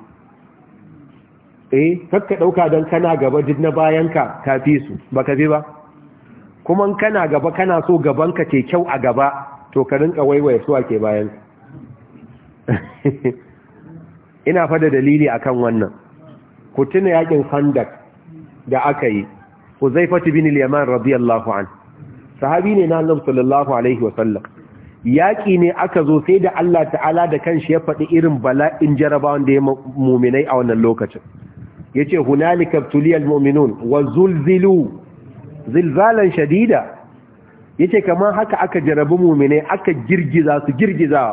eh kakka ɗauka don kana gaba duk na bayanka ka fi su ba ka fi ba kuma kana gaba kana so gabanka ke kyau a gaba to ka rinka waiwaye su ake bayan (laughs) ina fada dalili akan wannan ku tuna yakin khandak da aka yi huzaifatu bin al-yaman radiyallahu an sahabi ne na annabi sallallahu alaihi wasallam yaki ne aka zo sai da Allah ta'ala da kanshi ya faɗi irin bala'in jarabawan da ya mu'minai a wannan lokacin yace hunalika tuliyal mu'minun wa zulzilu zilzalan shadida yace kamar haka aka jarabi mu'mine aka girgiza su girgiza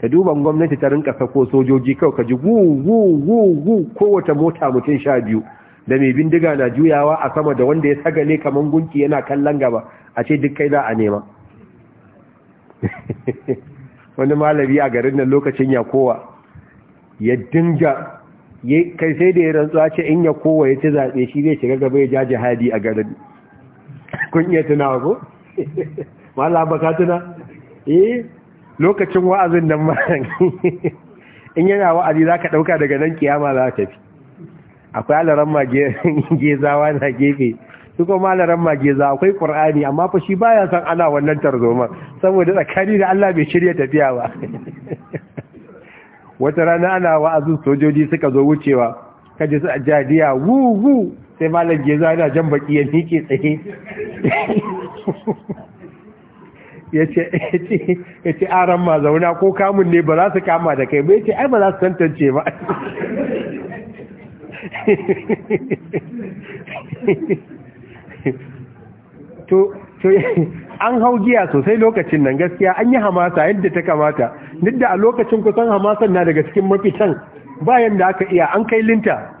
ka duba gwamnati ta rinka sako sojoji kawai ka ji gu gu kowace mota mutum sha biyu da mai bindiga na juyawa a sama da wanda ya sagale kamar gunki yana kallon gaba a ce duk kai za a nema (laughs) wani malami a garin nan lokacin ya kowa ya dinga kai sai da ya rantsuwa ce in ya kowa ya ci zaɓe shi zai shiga gaba ya ja jihadi a garin kun iya tunawa ko? (laughs) mala baka tuna? eh lokacin wa'azin nan maran (laughs) in yana wa'azi za ka ɗauka daga nan kiyama za ta fi akwai alaran magezawa (laughs) na gefe su kuma alaran magezawa akwai ƙur'ani amma fa shi baya san ana wannan tarzoma saboda tsakani da Allah bai shirya tafiya ba wata rana ana wa'azin sojoji suka zo wucewa kaji su a jadiya wuwu sai malam geza yana jan baki ya nike tsaye (laughs) ya ce aran ma zauna ko kamun ne ba za su kama da kai bai ce ai ba za su tantance ba (laughs) to an hau giya sosai lokacin nan gaskiya an yi hamasa yadda ta kamata duk da a lokacin kusan hamasan na daga cikin mafitan bayan da aka iya an kai linta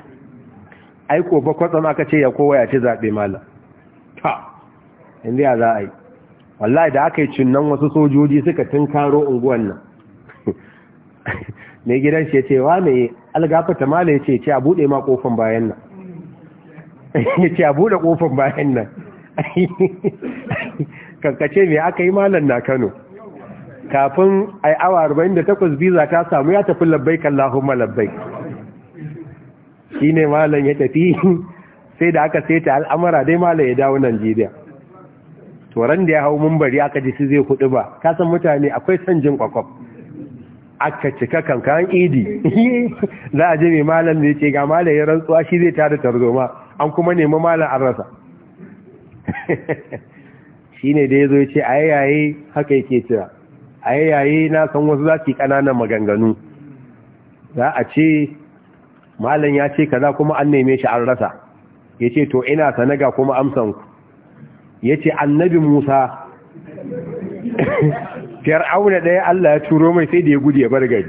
ko ba kwatsam aka ce ya kowa ya ce zaɓe mala ta yanzu ya za a yi wallahi da aka yi cinnan wasu sojoji suka tun karo unguwan nan (laughs) mai gidan shi ya ce wa mai algafata mala ya ce buɗe ma ƙofan (laughs) ya ce a buɗe ƙofan bayan nan (laughs) kankace me aka yi malam na Kano kafin a yi awa 48 biza ta samu ya tafi labbaik labbai Shi ne malam ya tafi (laughs) sai da aka saita al'amara dai malam ya dawo Najeriya to ran da ya hau mumbari aka ji shi zai kudu ba kasan san mutane akwai son jin kwakwab aka cika kankan idi (laughs) za a je mai malam da ya ce ga malam ya rantsuwa shi zai tada tarzoma an kuma nemi malam an rasa (laughs) shi ne da ya zo ce, yace ayayaye haka yake cewa ayayaye na san wasu za yi ƙananan maganganu za a ce malam ya ce kaza kuma an neme shi an rasa Ya ce, to ina sanaga kuma amsanku ya yace annabi Musa (laughs) fir'auna ɗaya Allah ya turo mai sai da ya gudu ya bar gari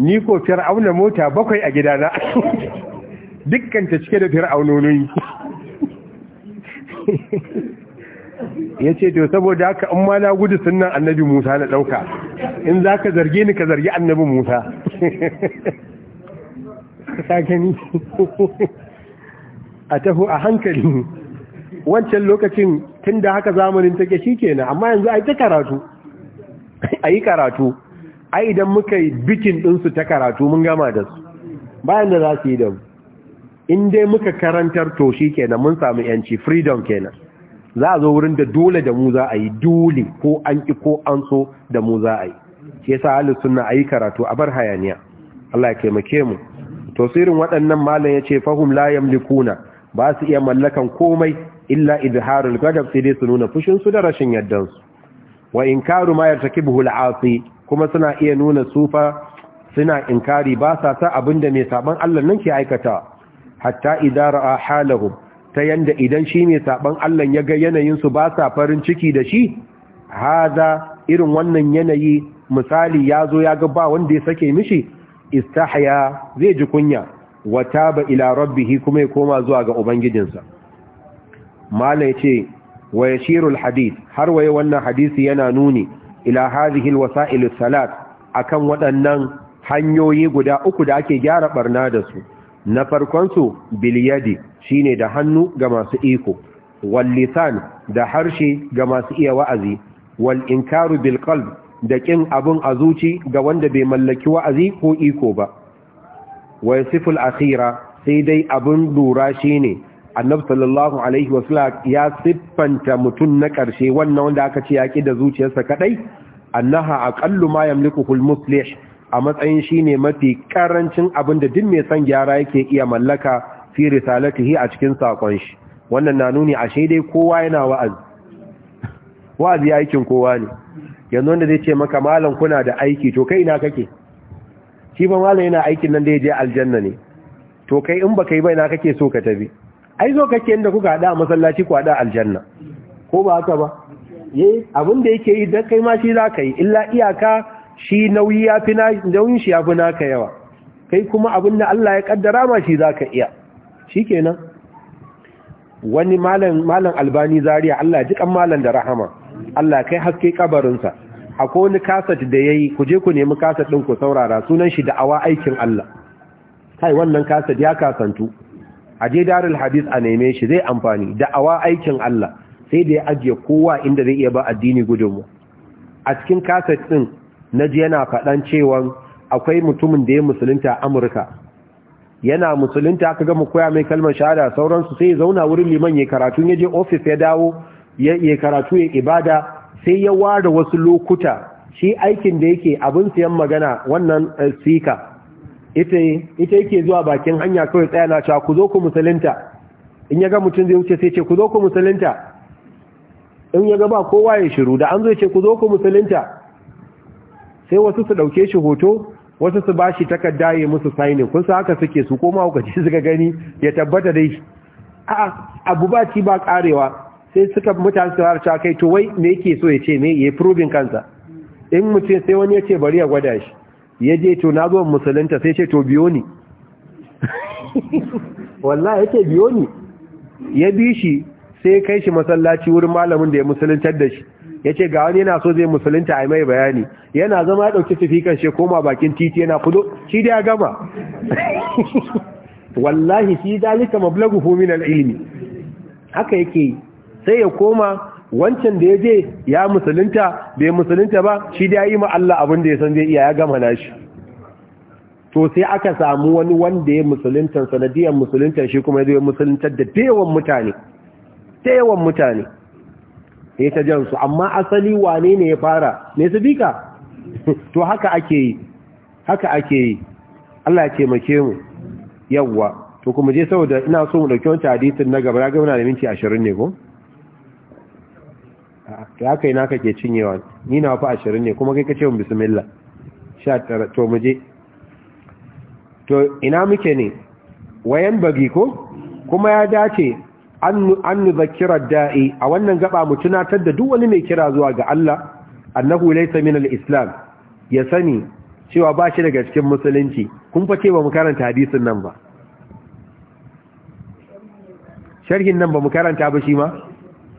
ni ko fir'auna mota bakwai a gidana (laughs) dukkan ta cike da fir'aunonin (laughs) ya ce to saboda haka in ma na gudu sunan annabi musa na ɗauka in za ka zarge ni ka zargi annabi musa (laughs) ka gani a taho a hankali wancan lokacin tun da haka zamanin take shi kenan amma yanzu a yi ta karatu a yi karatu a idan muka yi bikin ɗinsu ta karatu mun gama da su bayan da za su yi da mu in dai muka karantar to shi kenan mun samu yanci freedom kenan za a zo wurin da dole da mu za a yi dole ko an ki ko an so da mu za a yi shi yasa ahlus sunna ayi karatu a bar hayaniya Allah ya taimake mu sirrin waɗannan malam yace fahum la yamlikuna ba su iya mallakan komai illa izharul ghadab sai dai su nuna fushin su da rashin yaddan su wa inkaru ma yartakibuhu al'asi kuma suna iya nuna sufa suna inkari ba sa sa abinda mai saban Allah nan ke aikata hatta idara halahum ta yanda idan shi ne saɓan Allah ya ga yanayinsu ba sa farin ciki da shi haza irin wannan yanayi misali ya zo ya ga ba wanda ya sake mishi istahya zai ji kunya Wata ba ila rabbihi kuma ya koma zuwa ga ubangijinsa mala ce, wa yashiru alhadith har waye wannan hadisi yana nuni ila hazihil wasa’il salat akan waɗannan hanyoyi guda uku da ake gyara ɓarna da su na farkon farkonsu biliyadi shine da hannu ga masu iko wal lisan da harshe ga masu iya wa'azi wal inkaru bil da ƙin abin a zuci ga wanda bai mallaki wa'azi ko iko ba wa yasiful akhira sai dai abin lura ne. annabi sallallahu alaihi wasallam ya siffanta mutum na ƙarshe, wannan wanda aka ce yaki da zuciyarsa kadai annaha aqallu ma yamliku al a matsayin shi ne mafi karancin abin da duk mai son gyara yake iya mallaka fi risalatihi a cikin sakon shi wannan na nuni a dai kowa yana wa'azi wa'azi aikin kowa ne yanzu wanda zai ce maka malam kuna da aiki to kai ina kake shi ba malam yana aikin nan da ya je aljanna ne to kai in baka yi ba ina kake so ka tabi ai zo kake inda kuka a masallaci ku haɗa aljanna ko ba haka ba yayi eh, abin da yake yi don kai ma shi za ka yi illa iyaka shi nauyi ya fi nauyin shi ya fi naka yawa kai kuma abin da Allah ya kaddara ma shi zaka iya shikenan wani malam albani zaria Allah ya ji kan malam da rahama Allah kai haske kabarinsa akwai wani kasat da yayi ku je ku nemi kasat ɗin ku saurara sunan shi da awa aikin Allah kai wannan kasat ya kasantu a je darul hadis a neme shi zai amfani da awa aikin Allah sai da ya ajiye kowa inda zai iya ba addini gudunmu a cikin kasat ɗin. na ji yana faɗan cewa akwai mutumin da ya musulunta a amurka yana musulunta aka gama koya mai kalmar shahada sauransu sai ya zauna wurin liman ya karatu ya je ofis ya dawo ya karatu ya ibada sai ya ware wasu lokuta shi aikin da yake abin siyan magana wannan eh, sika ita yake zuwa bakin hanya kawai tsaya na cewa ku zo ku musulunta in ya ga mutum zai wuce sai ce ku zo ku musulunta in ya ga ba kowa ya shiru da an zo ce ku zo ku musulunta sai wasu su ɗauke shi hoto wasu su bashi takarda ya musu sainin kun sa haka suke su koma hukaci (laughs) suka gani ya tabbata dai a abu ba ci ba karewa sai suka mutane su ta kai to wai me yake so ya ce me ya proving kansa in mutum sai wani ya ce bari ya gwada shi ya je to na zo musulunta sai ce to biyo ni (laughs) wallahi yake biyo ni ya bi shi sai kai shi masallaci wurin malamin da ya musuluntar da shi yace ce ga wani yana so zai musulunta a mai bayani yana zama ya ɗauki sifikan shi koma bakin titi yana fudu. shi da ya gama (laughs) wallahi shi dalika mablagu min al-ilmi haka yake sai ya koma wancan da ya je ya musulunta bai musulunta ba shi da ya yi ma Allah abin da ya san zai iya ya gama nashi to sai aka samu wani wanda ya musulunta sanadiyar musulunta shi kuma ya zo ya da da mutane mutane ya ta jan su amma asali wane ne ya fara ne su bika (laughs) to haka ake yi haka ake yi Allah ya taimake mu yawwa to kuma je saboda ina so mu dauki wannan hadisin na gaba ga muna da minti 20 ne ko to haka ina kake cinyewa ni na fa 20 ne kuma kai kace mu bismillah 19 to mu je to ina muke ne wayan bagi ko kuma ya dace an nuzakira da'i a wannan gaba mu tunatar da duk wani mai kira zuwa ga Allah annahu laysa min al-islam ya sani cewa ba shi daga cikin musulunci kun fa ce ba mu karanta hadisin nan ba sharhin nan ba mu karanta ba shi ma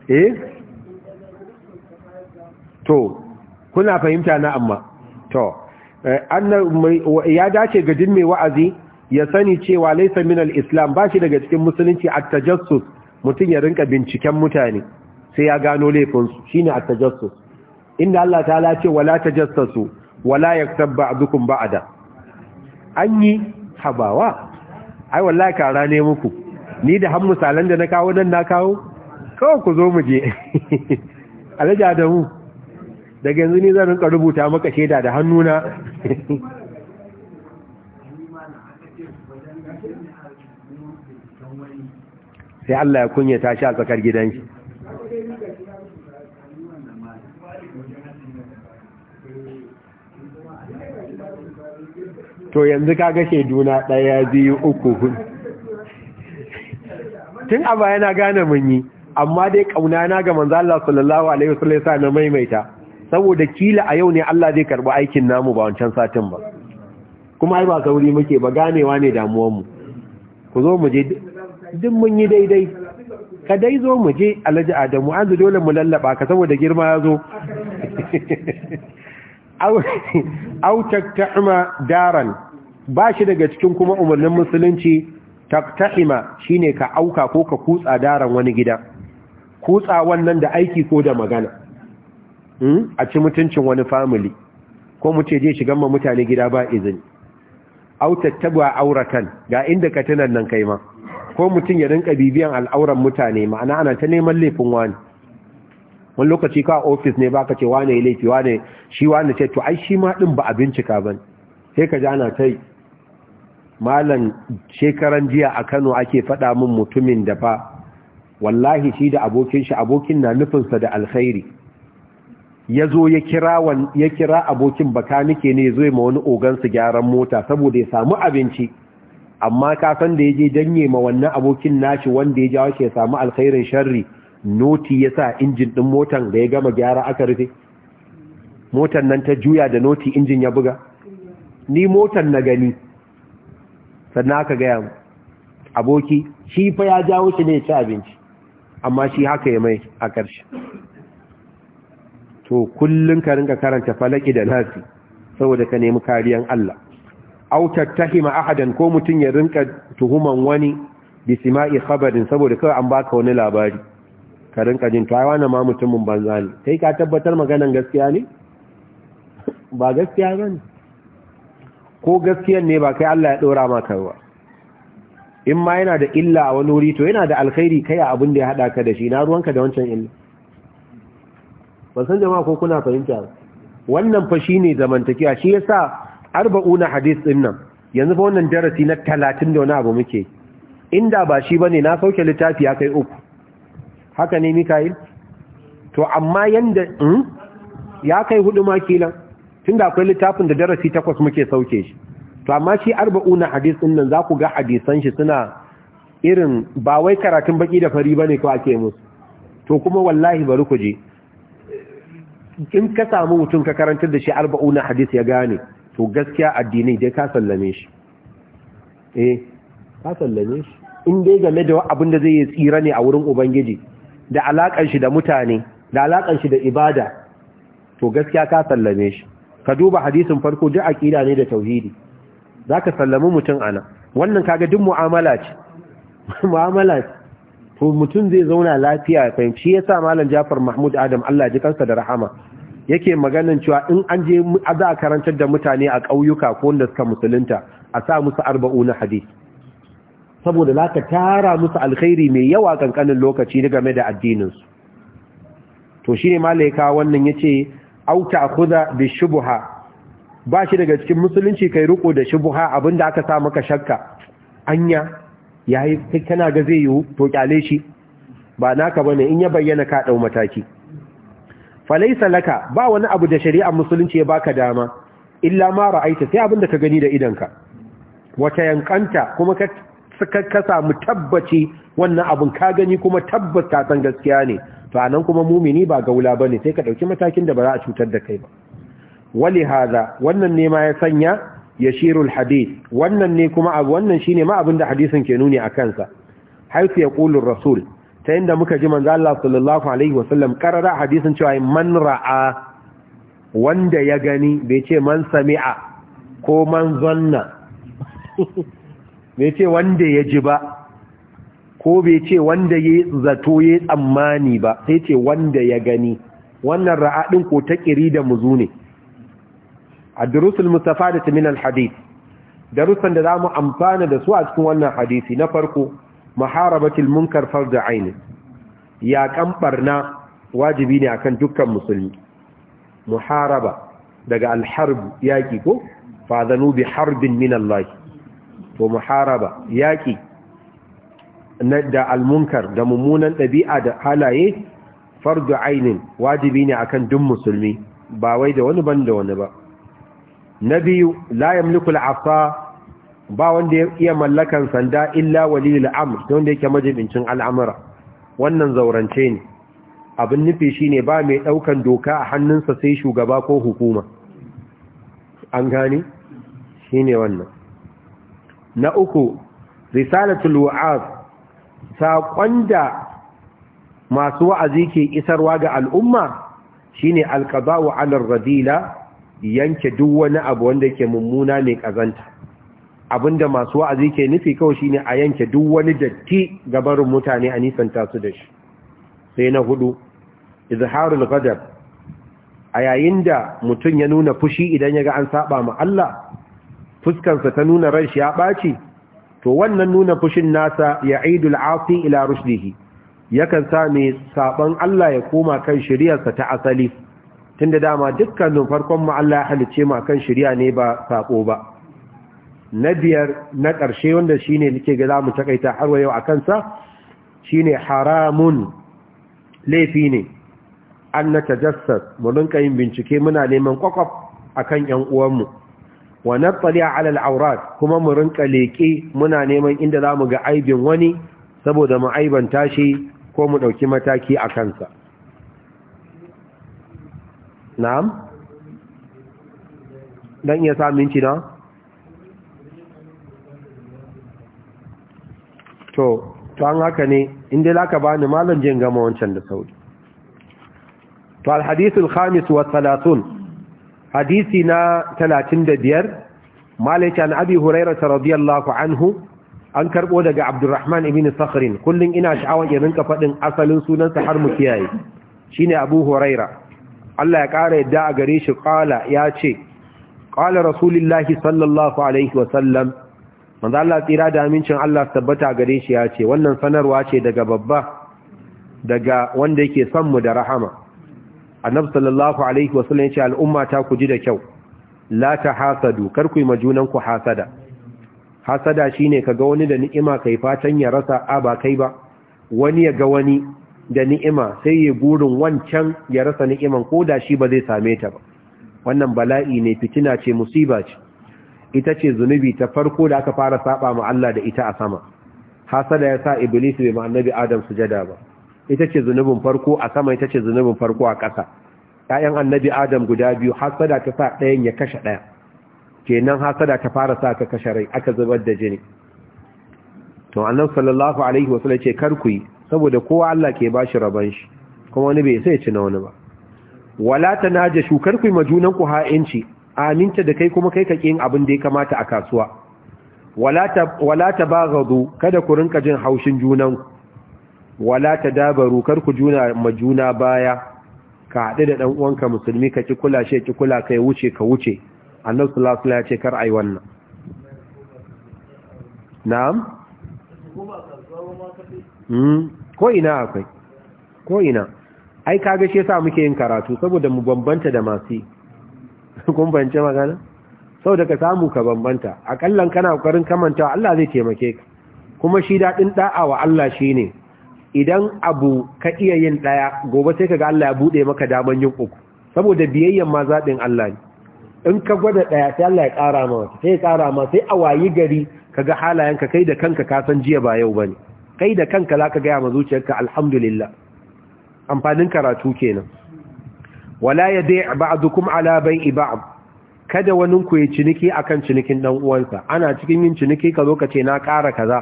eh to kuna fahimta na amma to eh, ya dace ga din mai wa'azi ya sani cewa laysa min al-islam ba shi daga cikin musulunci at-tajassus mutum ya rinka binciken mutane sai ya gano laifinsu shi ne a tajassus inda Allah ta ce wala tajassasu wala yaktab dukun ba'ada. an yi habawa ai wallahi ka rane muku ni da har misalan da na kawo nan na kawo kawai ku zo mu je (laughs) alaja da mu daga yanzu ni zan rinka rubuta maka shaida da hannuna (laughs) sai Allah ya kunyata shi a tsakar gidan shi to yanzu ka kaga shaiduna ɗaya biyu uku hun. tun a baya gane munyi amma dai ƙauna na ga manzo Allah sallallahu alaihi wasallam na maimaita saboda kila a yau ne Allah zai karɓi aikin namu ba wancan satin ba kuma ai ba sauri muke ba ganewa ne damuwar mu ku zo mu je duk mun yi daidai ka dai zo mu je alhaji adamu an zu dole mu lallaba ka saboda girma ya zo (laughs) au daran ba shi daga cikin kuma umarnin musulunci takta'ima shine ka auka ko ka kutsa daran wani gida kutsa wannan da aiki ko da magana hmm? a ci mutuncin wani family ko mu ce je shigan ma mutane gida ba izini au tattaba auratan ga inda ka tunan nan kai ma ko mutum ya rinka bibiyan al'auran mutane ma'ana ana ta neman laifin wani wani lokaci ka ofis ne baka ce wane laifi wane shi wane ce to ai shi ma din ba a bincika ba sai ka jana ta yi malam shekaran jiya a kano ake faɗa min mutumin da fa wallahi shi da abokin shi abokin na nufinsa da alkhairi ya zo ya kira abokin bakanike nike ne yi ma wani ogansu gyaran mota saboda ya samu abinci amma ka san da yaje danye ma wannan abokin nashi wanda ya jawo shi samu alkhairin sharri noti yasa injin din motan da ya gama gyara aka rufe motan nan ta juya da noti injin ya buga ni motan na gani sannan aka gaya aboki shi fa ya jawo shi ne ya ci abinci amma shi haka ya mai a ƙarshe to kullum ka rinka karanta falaki da nasi saboda ka nemi kariyan Allah aw tattahima ahadan ko mutun ya rinka tuhuman wani bi sima'i khabarin saboda kawai an baka wani labari ka rinka jin to ai wannan ma mutumin banza ne kai ka tabbatar maganan gaskiya ne ba gaskiya bane ko gaskiyan ne ba kai Allah ya dora maka ruwa. in ma yana da illa a wani wuri to yana da alkhairi kai a abin da ya hada ka da shi na ruwanka da wancan illa ba san jama'a ko kuna fahimta wannan fa shine zamantakiya shi yasa arba'una hadis din nan yanzu ba wannan darasi na talatin da wani abu muke inda ba shi bane na sauke littafi ya kai uku haka ne mikail to amma yanda hmm? ya kai hudu ma kilan tunda akwai littafin da darasi takwas muke sauke shi to amma shi arba'una hadis din nan za ku ga hadisan shi suna irin ba wai karatun baki da fari bane ko ake musu to kuma wallahi bari ku je in ka samu mutum ka karantar da shi arba'una hadis ya gane to gaskiya addinai dai ka sallame shi eh ka sallame shi in dai game da abin da zai yi tsira ne a wurin ubangiji da alakan shi da mutane da alakan shi da ibada to gaskiya ka sallame shi ka duba hadisin farko duk aqida ne da tauhidi zaka sallamu mutum ana wannan kaga duk mu'amala ce (laughs) mu'amala to mutum zai zauna lafiya fahimci yasa malam Jafar Mahmud Adam Allah ji kansa da rahama yake maganin cewa in an je za a karantar da mutane a ƙauyuka ko wanda suka musulunta a sa musu arba'u na hadis saboda za ka tara musu alkhairi mai yawa kankanin lokaci game da addininsu to shi ne malaika wannan ya ce auta kuda bi shubuha ba shi daga cikin musulunci kai riko da shubuha abin da aka sa maka shakka anya ya yi kana ga zai yiwu to kyale shi ba naka bane in ya bayyana ka ɗau mataki falaisa laka ba wani abu da shari'ar musulunci ya baka dama illa ma ra'aita sai abin da ka gani da idanka wata yankanta kuma ka kasa mu tabbaci wannan abin ka gani kuma tabbas ka san gaskiya ne to anan kuma mumini ba gaula bane sai ka dauki matakin da ba za a cutar da kai ba wali hada wannan ne ma ya sanya yashirul hadith wannan ne kuma wannan shine ma abin da hadisin ke nuni a kansa haifu yaqulur rasul ta inda muka ji manzo Allah sallallahu alaihi wasallam karara hadisin cewa man ra'a wanda ya gani bai ce man sami'a ko man zanna bai ce wanda ya ji ba ko bai ce wanda ya zato ya tsammani ba sai ce wanda ya gani wannan ra'a din ko ta kiri da muzu ne ad-durusul mustafadatu min al-hadith darussan da zamu amfana da su a cikin wannan hadisi na farko maharabatil munkar farda aini yaƙan ɓarna wajibi ne akan dukkan musulmi muharaba daga alharbu yaƙi ko fadhanu bi harbin min Allah to muharaba yaƙi da almunkar da mummunan ɗabi'a da halaye fardu aini wajibi ne akan duk musulmi ba wai da wani ban da wani ba na biyu la yamliku al'asa ba wanda ya iya mallakan sanda illa walil amr don da yake majibincin al'amura wannan zaurance ne abin nufi shine ba mai daukan doka a hannunsa sai shugaba ko hukuma an gane shine wannan na uku risalatul wa'az saƙon da masu wa'azi ke isarwa ga al'umma shine alqada'u 'ala ar-radila yanke duk wani abu wanda yake mummuna mai kazanta da masu wa'azi ke nufi kawai shine a yanke duk wani datti gabarin mutane a nisanta su da shi sai na hudu izharul ghadab a yayin da mutum ya nuna fushi idan ya ga an saba ma Allah fuskansa ta nuna ran ya ɓaci to wannan nuna fushin nasa ya aidul asi ila rushdihi yakan sa mai saban Allah ya koma kan shiriyarsa ta asali tunda dama dukkanin farkon mu Allah ya halice mu kan shiriya ne ba sako ba na biyar na ƙarshe wanda shi ne nike ga za mu takaita har wa yau a kansa shi ne haramun laifi ne an na mu rinka yin bincike muna neman ƙwaƙwaf a kan ‘yan wa na tsali a alal aurat kuma mu rinƙa leƙe muna neman inda za mu ga aibin wani saboda mu aibanta shi ko mu ɗauki mataki a kansa na'am don iya sa cina? to to an haka ne inda laka bani malam jin gama wancan da sauri to alhadith alkhamis wa 30 hadisi na 35 malaka an abi hurairata radiyallahu anhu an karbo daga abdurrahman ibn sakhrin kullun ina sha'awar ya rinka fadin asalin sunansa har mu kiyaye shine abu hurairah Allah ya kara yadda a gare shi qala ya ce qala rasulullahi sallallahu alaihi wa sallam manzo Allah tsira da amincin Allah tabbata gare shi ya ce wannan sanarwa ce daga babba daga wanda yake son mu da rahama annabi sallallahu alaihi wasallam ya ce al'umma ta ku ji da kyau la tahasadu kar ku yi majunan ku hasada hasada shine kaga wani da ni'ima kai fatan ya rasa a ba kai ba wani ya ga wani da ni'ima sai ya gurin wancan ya rasa ni'iman ko da shi ba zai same ta ba wannan bala'i ne fitina ce musiba ce ita ce zunubi ta farko da aka fara saba ma Allah da ita a sama hasada ya sa iblis bai ma annabi adam sujada ba ita ce zunubin farko a sama ita ce zunubin farko a ƙasa ƴaƴan annabi adam guda biyu hasada ta sa ɗayan ya kashe ɗaya kenan hasada ta fara sa ka kashe rai aka zubar da jini to annabi sallallahu alaihi wasallam ce kar ku yi saboda kowa Allah ke bashi raban shi kuma wani bai sai ya ci na wani ba wala tanajashu shukar ku majunan ku ha'inci aminta da kai kuma kai ka yin abin da ya kamata a kasuwa wala ta bagadu kada ku rinka jin haushin junan wala ta dabaru kar ku juna majuna baya ka haɗu da dan uwanka musulmi ka ki kula shi ki kula kai wuce ka wuce annabi sallallahu alaihi wasallam ya ce kar ai wannan na'am hmm, ko ina akwai ko ina ai kaga shi yasa muke yin karatu saboda mu bambanta da masu (laughs) kun bance magana sau da ka samu ka bambanta akallan kana ƙoƙarin kamantawa Allah zai taimake ka kuma shi daɗin ɗa'a wa Allah shi ne idan abu ka iya yin ɗaya gobe sai ka ga Allah ya buɗe maka daman yin uku saboda biyayyan ma zaɓin Allah ne in ka gwada ɗaya sai Allah ya ƙara ma wata sai ya ƙara ma sai a wayi gari ka ga halayenka kai da kanka ka san jiya ba yau ba ne kai da kanka za ka gaya ma zuciyarka alhamdulillah amfanin karatu kenan wala ya dai ba'dukum ala bai'i ba'd kada wani ku yi ciniki akan cinikin dan uwansa ana cikin yin ciniki ka zo ka ce na ƙara kaza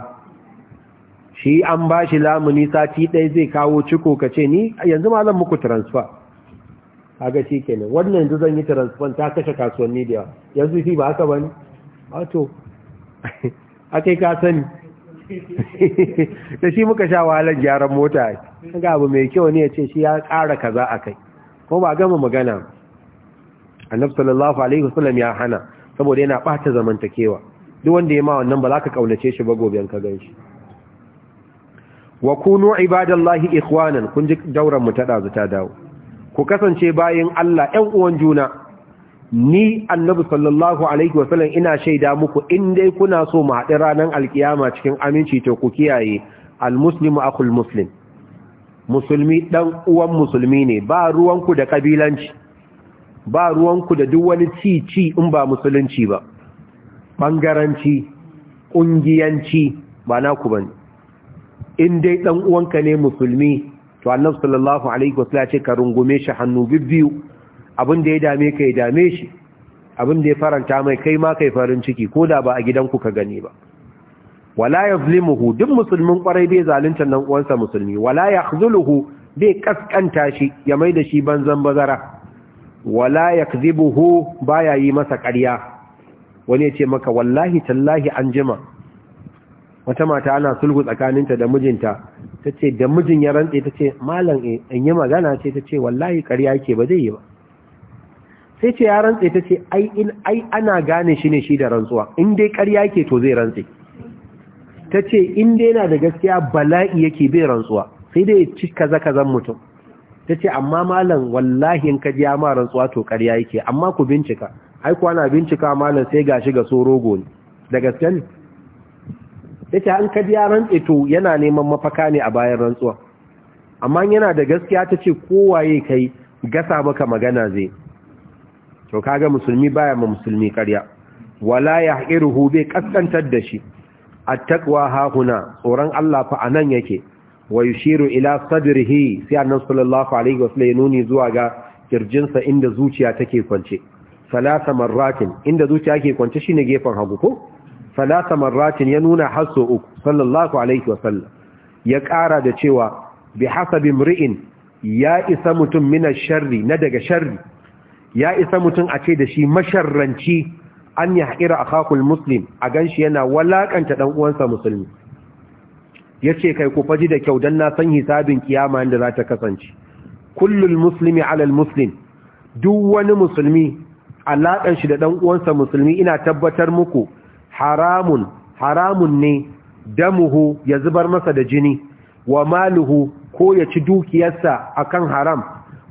shi an ba shi lamuni sati ɗaya zai kawo ciko ka ce ni yanzu ma zan muku transfer kaga shi kenan wannan yanzu zan yi transfer ta kashe kasuwanni da yawa yanzu shi ba haka bane wato (laughs) akai ka sani (laughs) da shi muka sha wahalar gyaran mota ga abu mai kyau ne ya ce shi ya ƙara kaza akai ko ba gama magana annabi sallallahu alaihi wasallam ya hana saboda yana bata zamantakewa duk wanda ya ma wannan ba za ka kaunace shi ba gobe ka ganshi wa kunu ibadallahi ikhwanan kun ji dauran mu ta dazu ta dawo ku kasance bayin Allah ɗan uwan juna ni annabi sallallahu alaihi wasallam ina shaida muku in dai kuna so mu haɗi ranar alkiyama cikin aminci to ku kiyaye almuslimu akhul muslim musulmi ɗan uwan musulmi ne ba ruwanku da kabilanci ba ruwanku da duk wani cici in ba musulunci ba bangaranci ƙungiyanci, ba naku bane in dai ɗan uwanka ne musulmi to annabi sallallahu alaihi wasallam ce ka rungume shi hannu bibbiyu abin da ya dame ka ya dame shi abin da ya faranta mai kai ma kai farin ciki ko da ba a gidanku ka gani ba wala yazlimuhu duk musulmin kwarai bai zalunta nan uwansa musulmi wala yakhzuluhu bai kaskanta shi ya mai da shi banzan bazara wala yakzibuhu baya yi masa ƙarya wani ya ce maka wallahi tallahi an jima wata mata ana sulhu tsakaninta da mijinta ta ce da mijin ya rantse ta ce malam eh, in yi magana ce ta ce wallahi ƙarya ke ba zai yi ba sai ce ya rantse ta ce ai ana gane shi ne shi da rantsuwa in dai ƙarya ke to zai rantse ta ce inda yana da gaskiya bala'i yake bai rantsuwa sai dai ci kaza kazan mutum ta ce amma malam wallahi in ka ji rantsuwa to karya yake amma ku bincika ai ku na bincika malam sai gashi ga so rogo ne da gaske ne ta ce an ka ji ya rantse to yana neman mafaka ne a bayan rantsuwa amma yana da gaskiya ta ce kowaye kai gasa maka magana zai to kaga musulmi baya ma musulmi karya wala ya iruhu bai kaskantar da shi attakwa hahuna tsoron Allah fa anan yake wa yushiru ila sadrihi sai annabi sallallahu alaihi wasallam ya nuni zuwa ga kirjinsa inda zuciya take kwance salasa marratin inda zuciya ke kwance shine gefen hagu ko salasa marratin ya nuna hasso uku sallallahu alaihi wasallam ya ƙara da cewa bi hasabi mri'in ya isa mutum mina sharri na daga sharri ya isa mutum a ce da shi masharranci an a akhakul muslim a gan shi yana walaƙanta ɗan’uwansa uwansa musulmi ce, kai ku faji da kyau don na san hisabin kiyama yadda za ta kasance Kullum muslimi alal muslim duk wani musulmi alaƙan shi da ɗan’uwansa uwansa musulmi ina tabbatar muku haramun haramun ne damuhu ya zubar masa da jini wa maluhu ko ya ci dukiyarsa a kan haram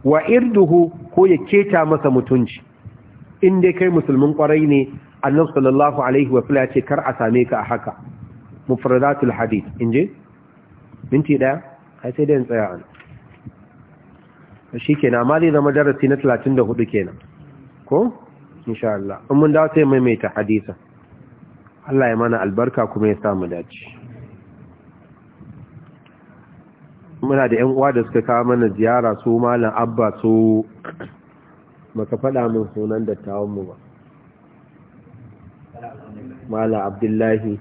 wa irduhu ko ya keta masa mutunci in dai kai musulmin kwarai ne annab sallallahu alaihi wa sallam ya ce kar a same ka a haka mufradatul hadith inje minti daya ai sai dai in tsaya an shi kenan amma zai zama darasi na 34 kenan ko insha Allah in mun dawo sai maimaita hadisa. Allah ya mana albarka kuma ya samu dace muna da 'yan uwa da suka kawo mana ziyara su malam abba su baka faɗa min sunan dattawanmu ba malam abdullahi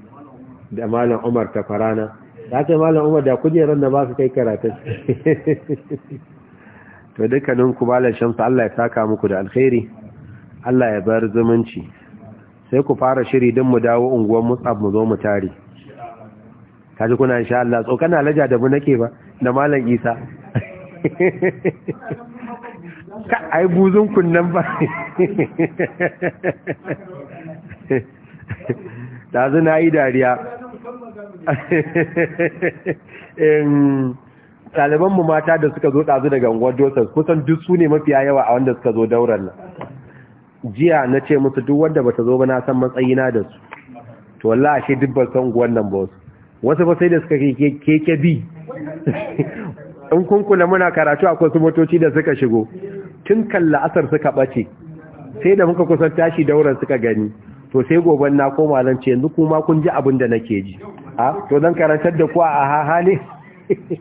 da malam umar tafarana da aka ce malam umar da kujerar da ba su kai karatun (laughs) to dukkanin ku malam shamsu Allah ya saka muku da alkhairi Allah ya bar zumunci sai ku fara shiri don mu dawo unguwar musab mu zo mu tare kaji kuna insha Allah tsokana laja da bu nake ba da malam isa (laughs) ka ai buzun kunnan ba ɗazu na yi dariya mu mata da suka zo ɗazu daga unguwar dosas kusan duk su ne mafiya yawa a wanda suka zo dauran nan jiya na ce musu duk wanda bata zo ba na san matsayina da su to wallahi ashe duk ban san unguwar nan ba wasu ba sai da suka keke bi in kunkula muna karatu akwai su motoci da suka shigo tun kan la'asar suka ɓace sai da muka kusan tashi dauran suka gani to sai goban na koma zan ce yanzu kuma kun ji abin da nake ji a to zan karantar da kuwa a ne? (laughs)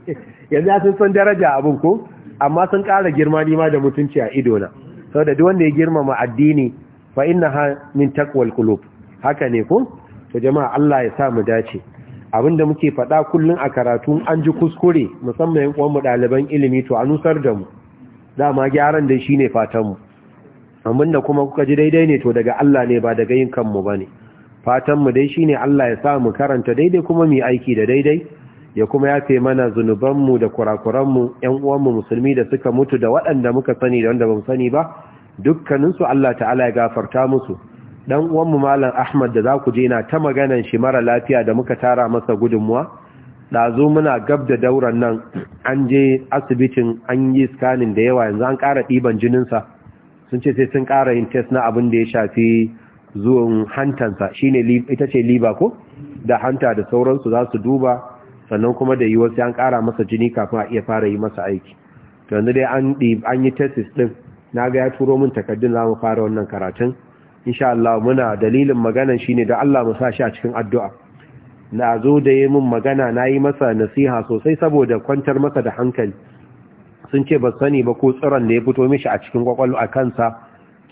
yanzu sun san daraja abin ko amma sun ƙara girma nima da mutunci a idona sau da wanda ya girmama addini fa ha min takwal kulub haka ne ko to jama'a Allah ya sa mu dace abin da muke faɗa kullun a karatu an ji kuskure musamman yan uwan mu ɗaliban ilimi to anusar da mu dama gyaran da shi ne fatanmu amin da kuma kuka ji daidai ne to daga Allah ne ba daga yin kanmu ba ne fatanmu dai shi ne Allah ya sa mu karanta daidai kuma mu aiki da daidai ya kuma yafe mana zunubanmu da kurakuranmu ‘yan uwanmu musulmi da suka mutu da waɗanda muka sani da wanda ba sani ba dukkaninsu Allah ta'ala ya gafarta musu ɗan uwanmu malam ahmad da za ku je na ta maganan shi mara lafiya da muka tara masa gudunmuwa ɗazu muna gab da dauran nan an je asibitin an yi scanning da yawa yanzu an ƙara ɗiban jininsa sun ce sai sun kara yin test na abin da ya shafi zuwan hantansa shi ne ita ce liba ko da hanta da sauransu za su duba sannan kuma da yiwuwar sai an kara masa jini kafin a iya fara yi masa aiki to yanzu dai an yi tesis ɗin na ga ya turo min takardun za mu fara wannan karatun insha Allah muna dalilin maganan ne da Allah mu sa shi a cikin addu'a na zo da yi min magana na yi masa nasiha sosai saboda kwantar masa da hankali sun ce ba sani ba ko tsiron da ya fito mishi a cikin kwakwalo a kansa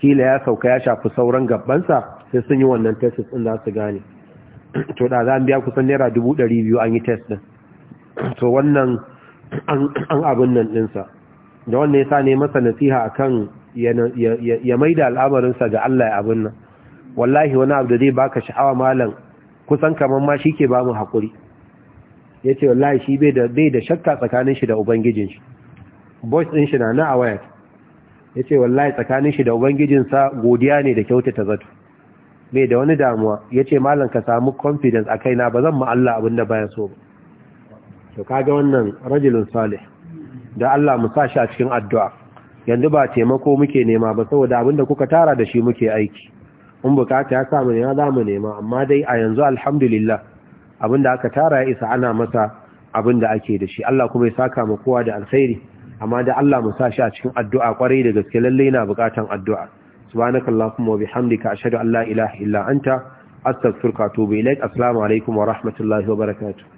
kila ya sauka ya shafi sauran gabansa sai sun yi wannan test din za su gane to da za biya kusan naira dubu ɗari biyu an yi test din to wannan an abin nan ɗinsa da wannan ya sa ne masa nasiha akan ya maida al'amarinsa ga Allah ya abin nan wallahi wani abu da zai baka sha'awa malam kusan kamar ma shi ke ba mu haƙuri ya ce wallahi shi bai da shakka tsakanin shi da ubangijin shi boys din shi na na a ya ce wallahi tsakanin shi da ubangijinsa godiya ne da ta zato bai da wani damuwa ya ce malam ka samu confidence a kaina ba zan ma'alla abin da bayan so ba to kaga wannan rajulun salih da Allah mu sa shi a cikin addu'a yanzu ba taimako muke nema ba saboda abin da kuka tara da shi muke aiki in bukata ya samu nema za mu nema amma dai a yanzu alhamdulillah abinda aka tara ya isa ana masa abinda ake da shi Allah kuma ya saka mu kowa da alkhairi amma da Allah mu sa shi a cikin addu'a kwarai da gaske lalle yana bukatan addu'a subhanakallahumma wa bihamdika ashhadu an la ilaha illa anta astaghfiruka wa atubu ilaik assalamu alaikum wa rahmatullahi wa barakatuh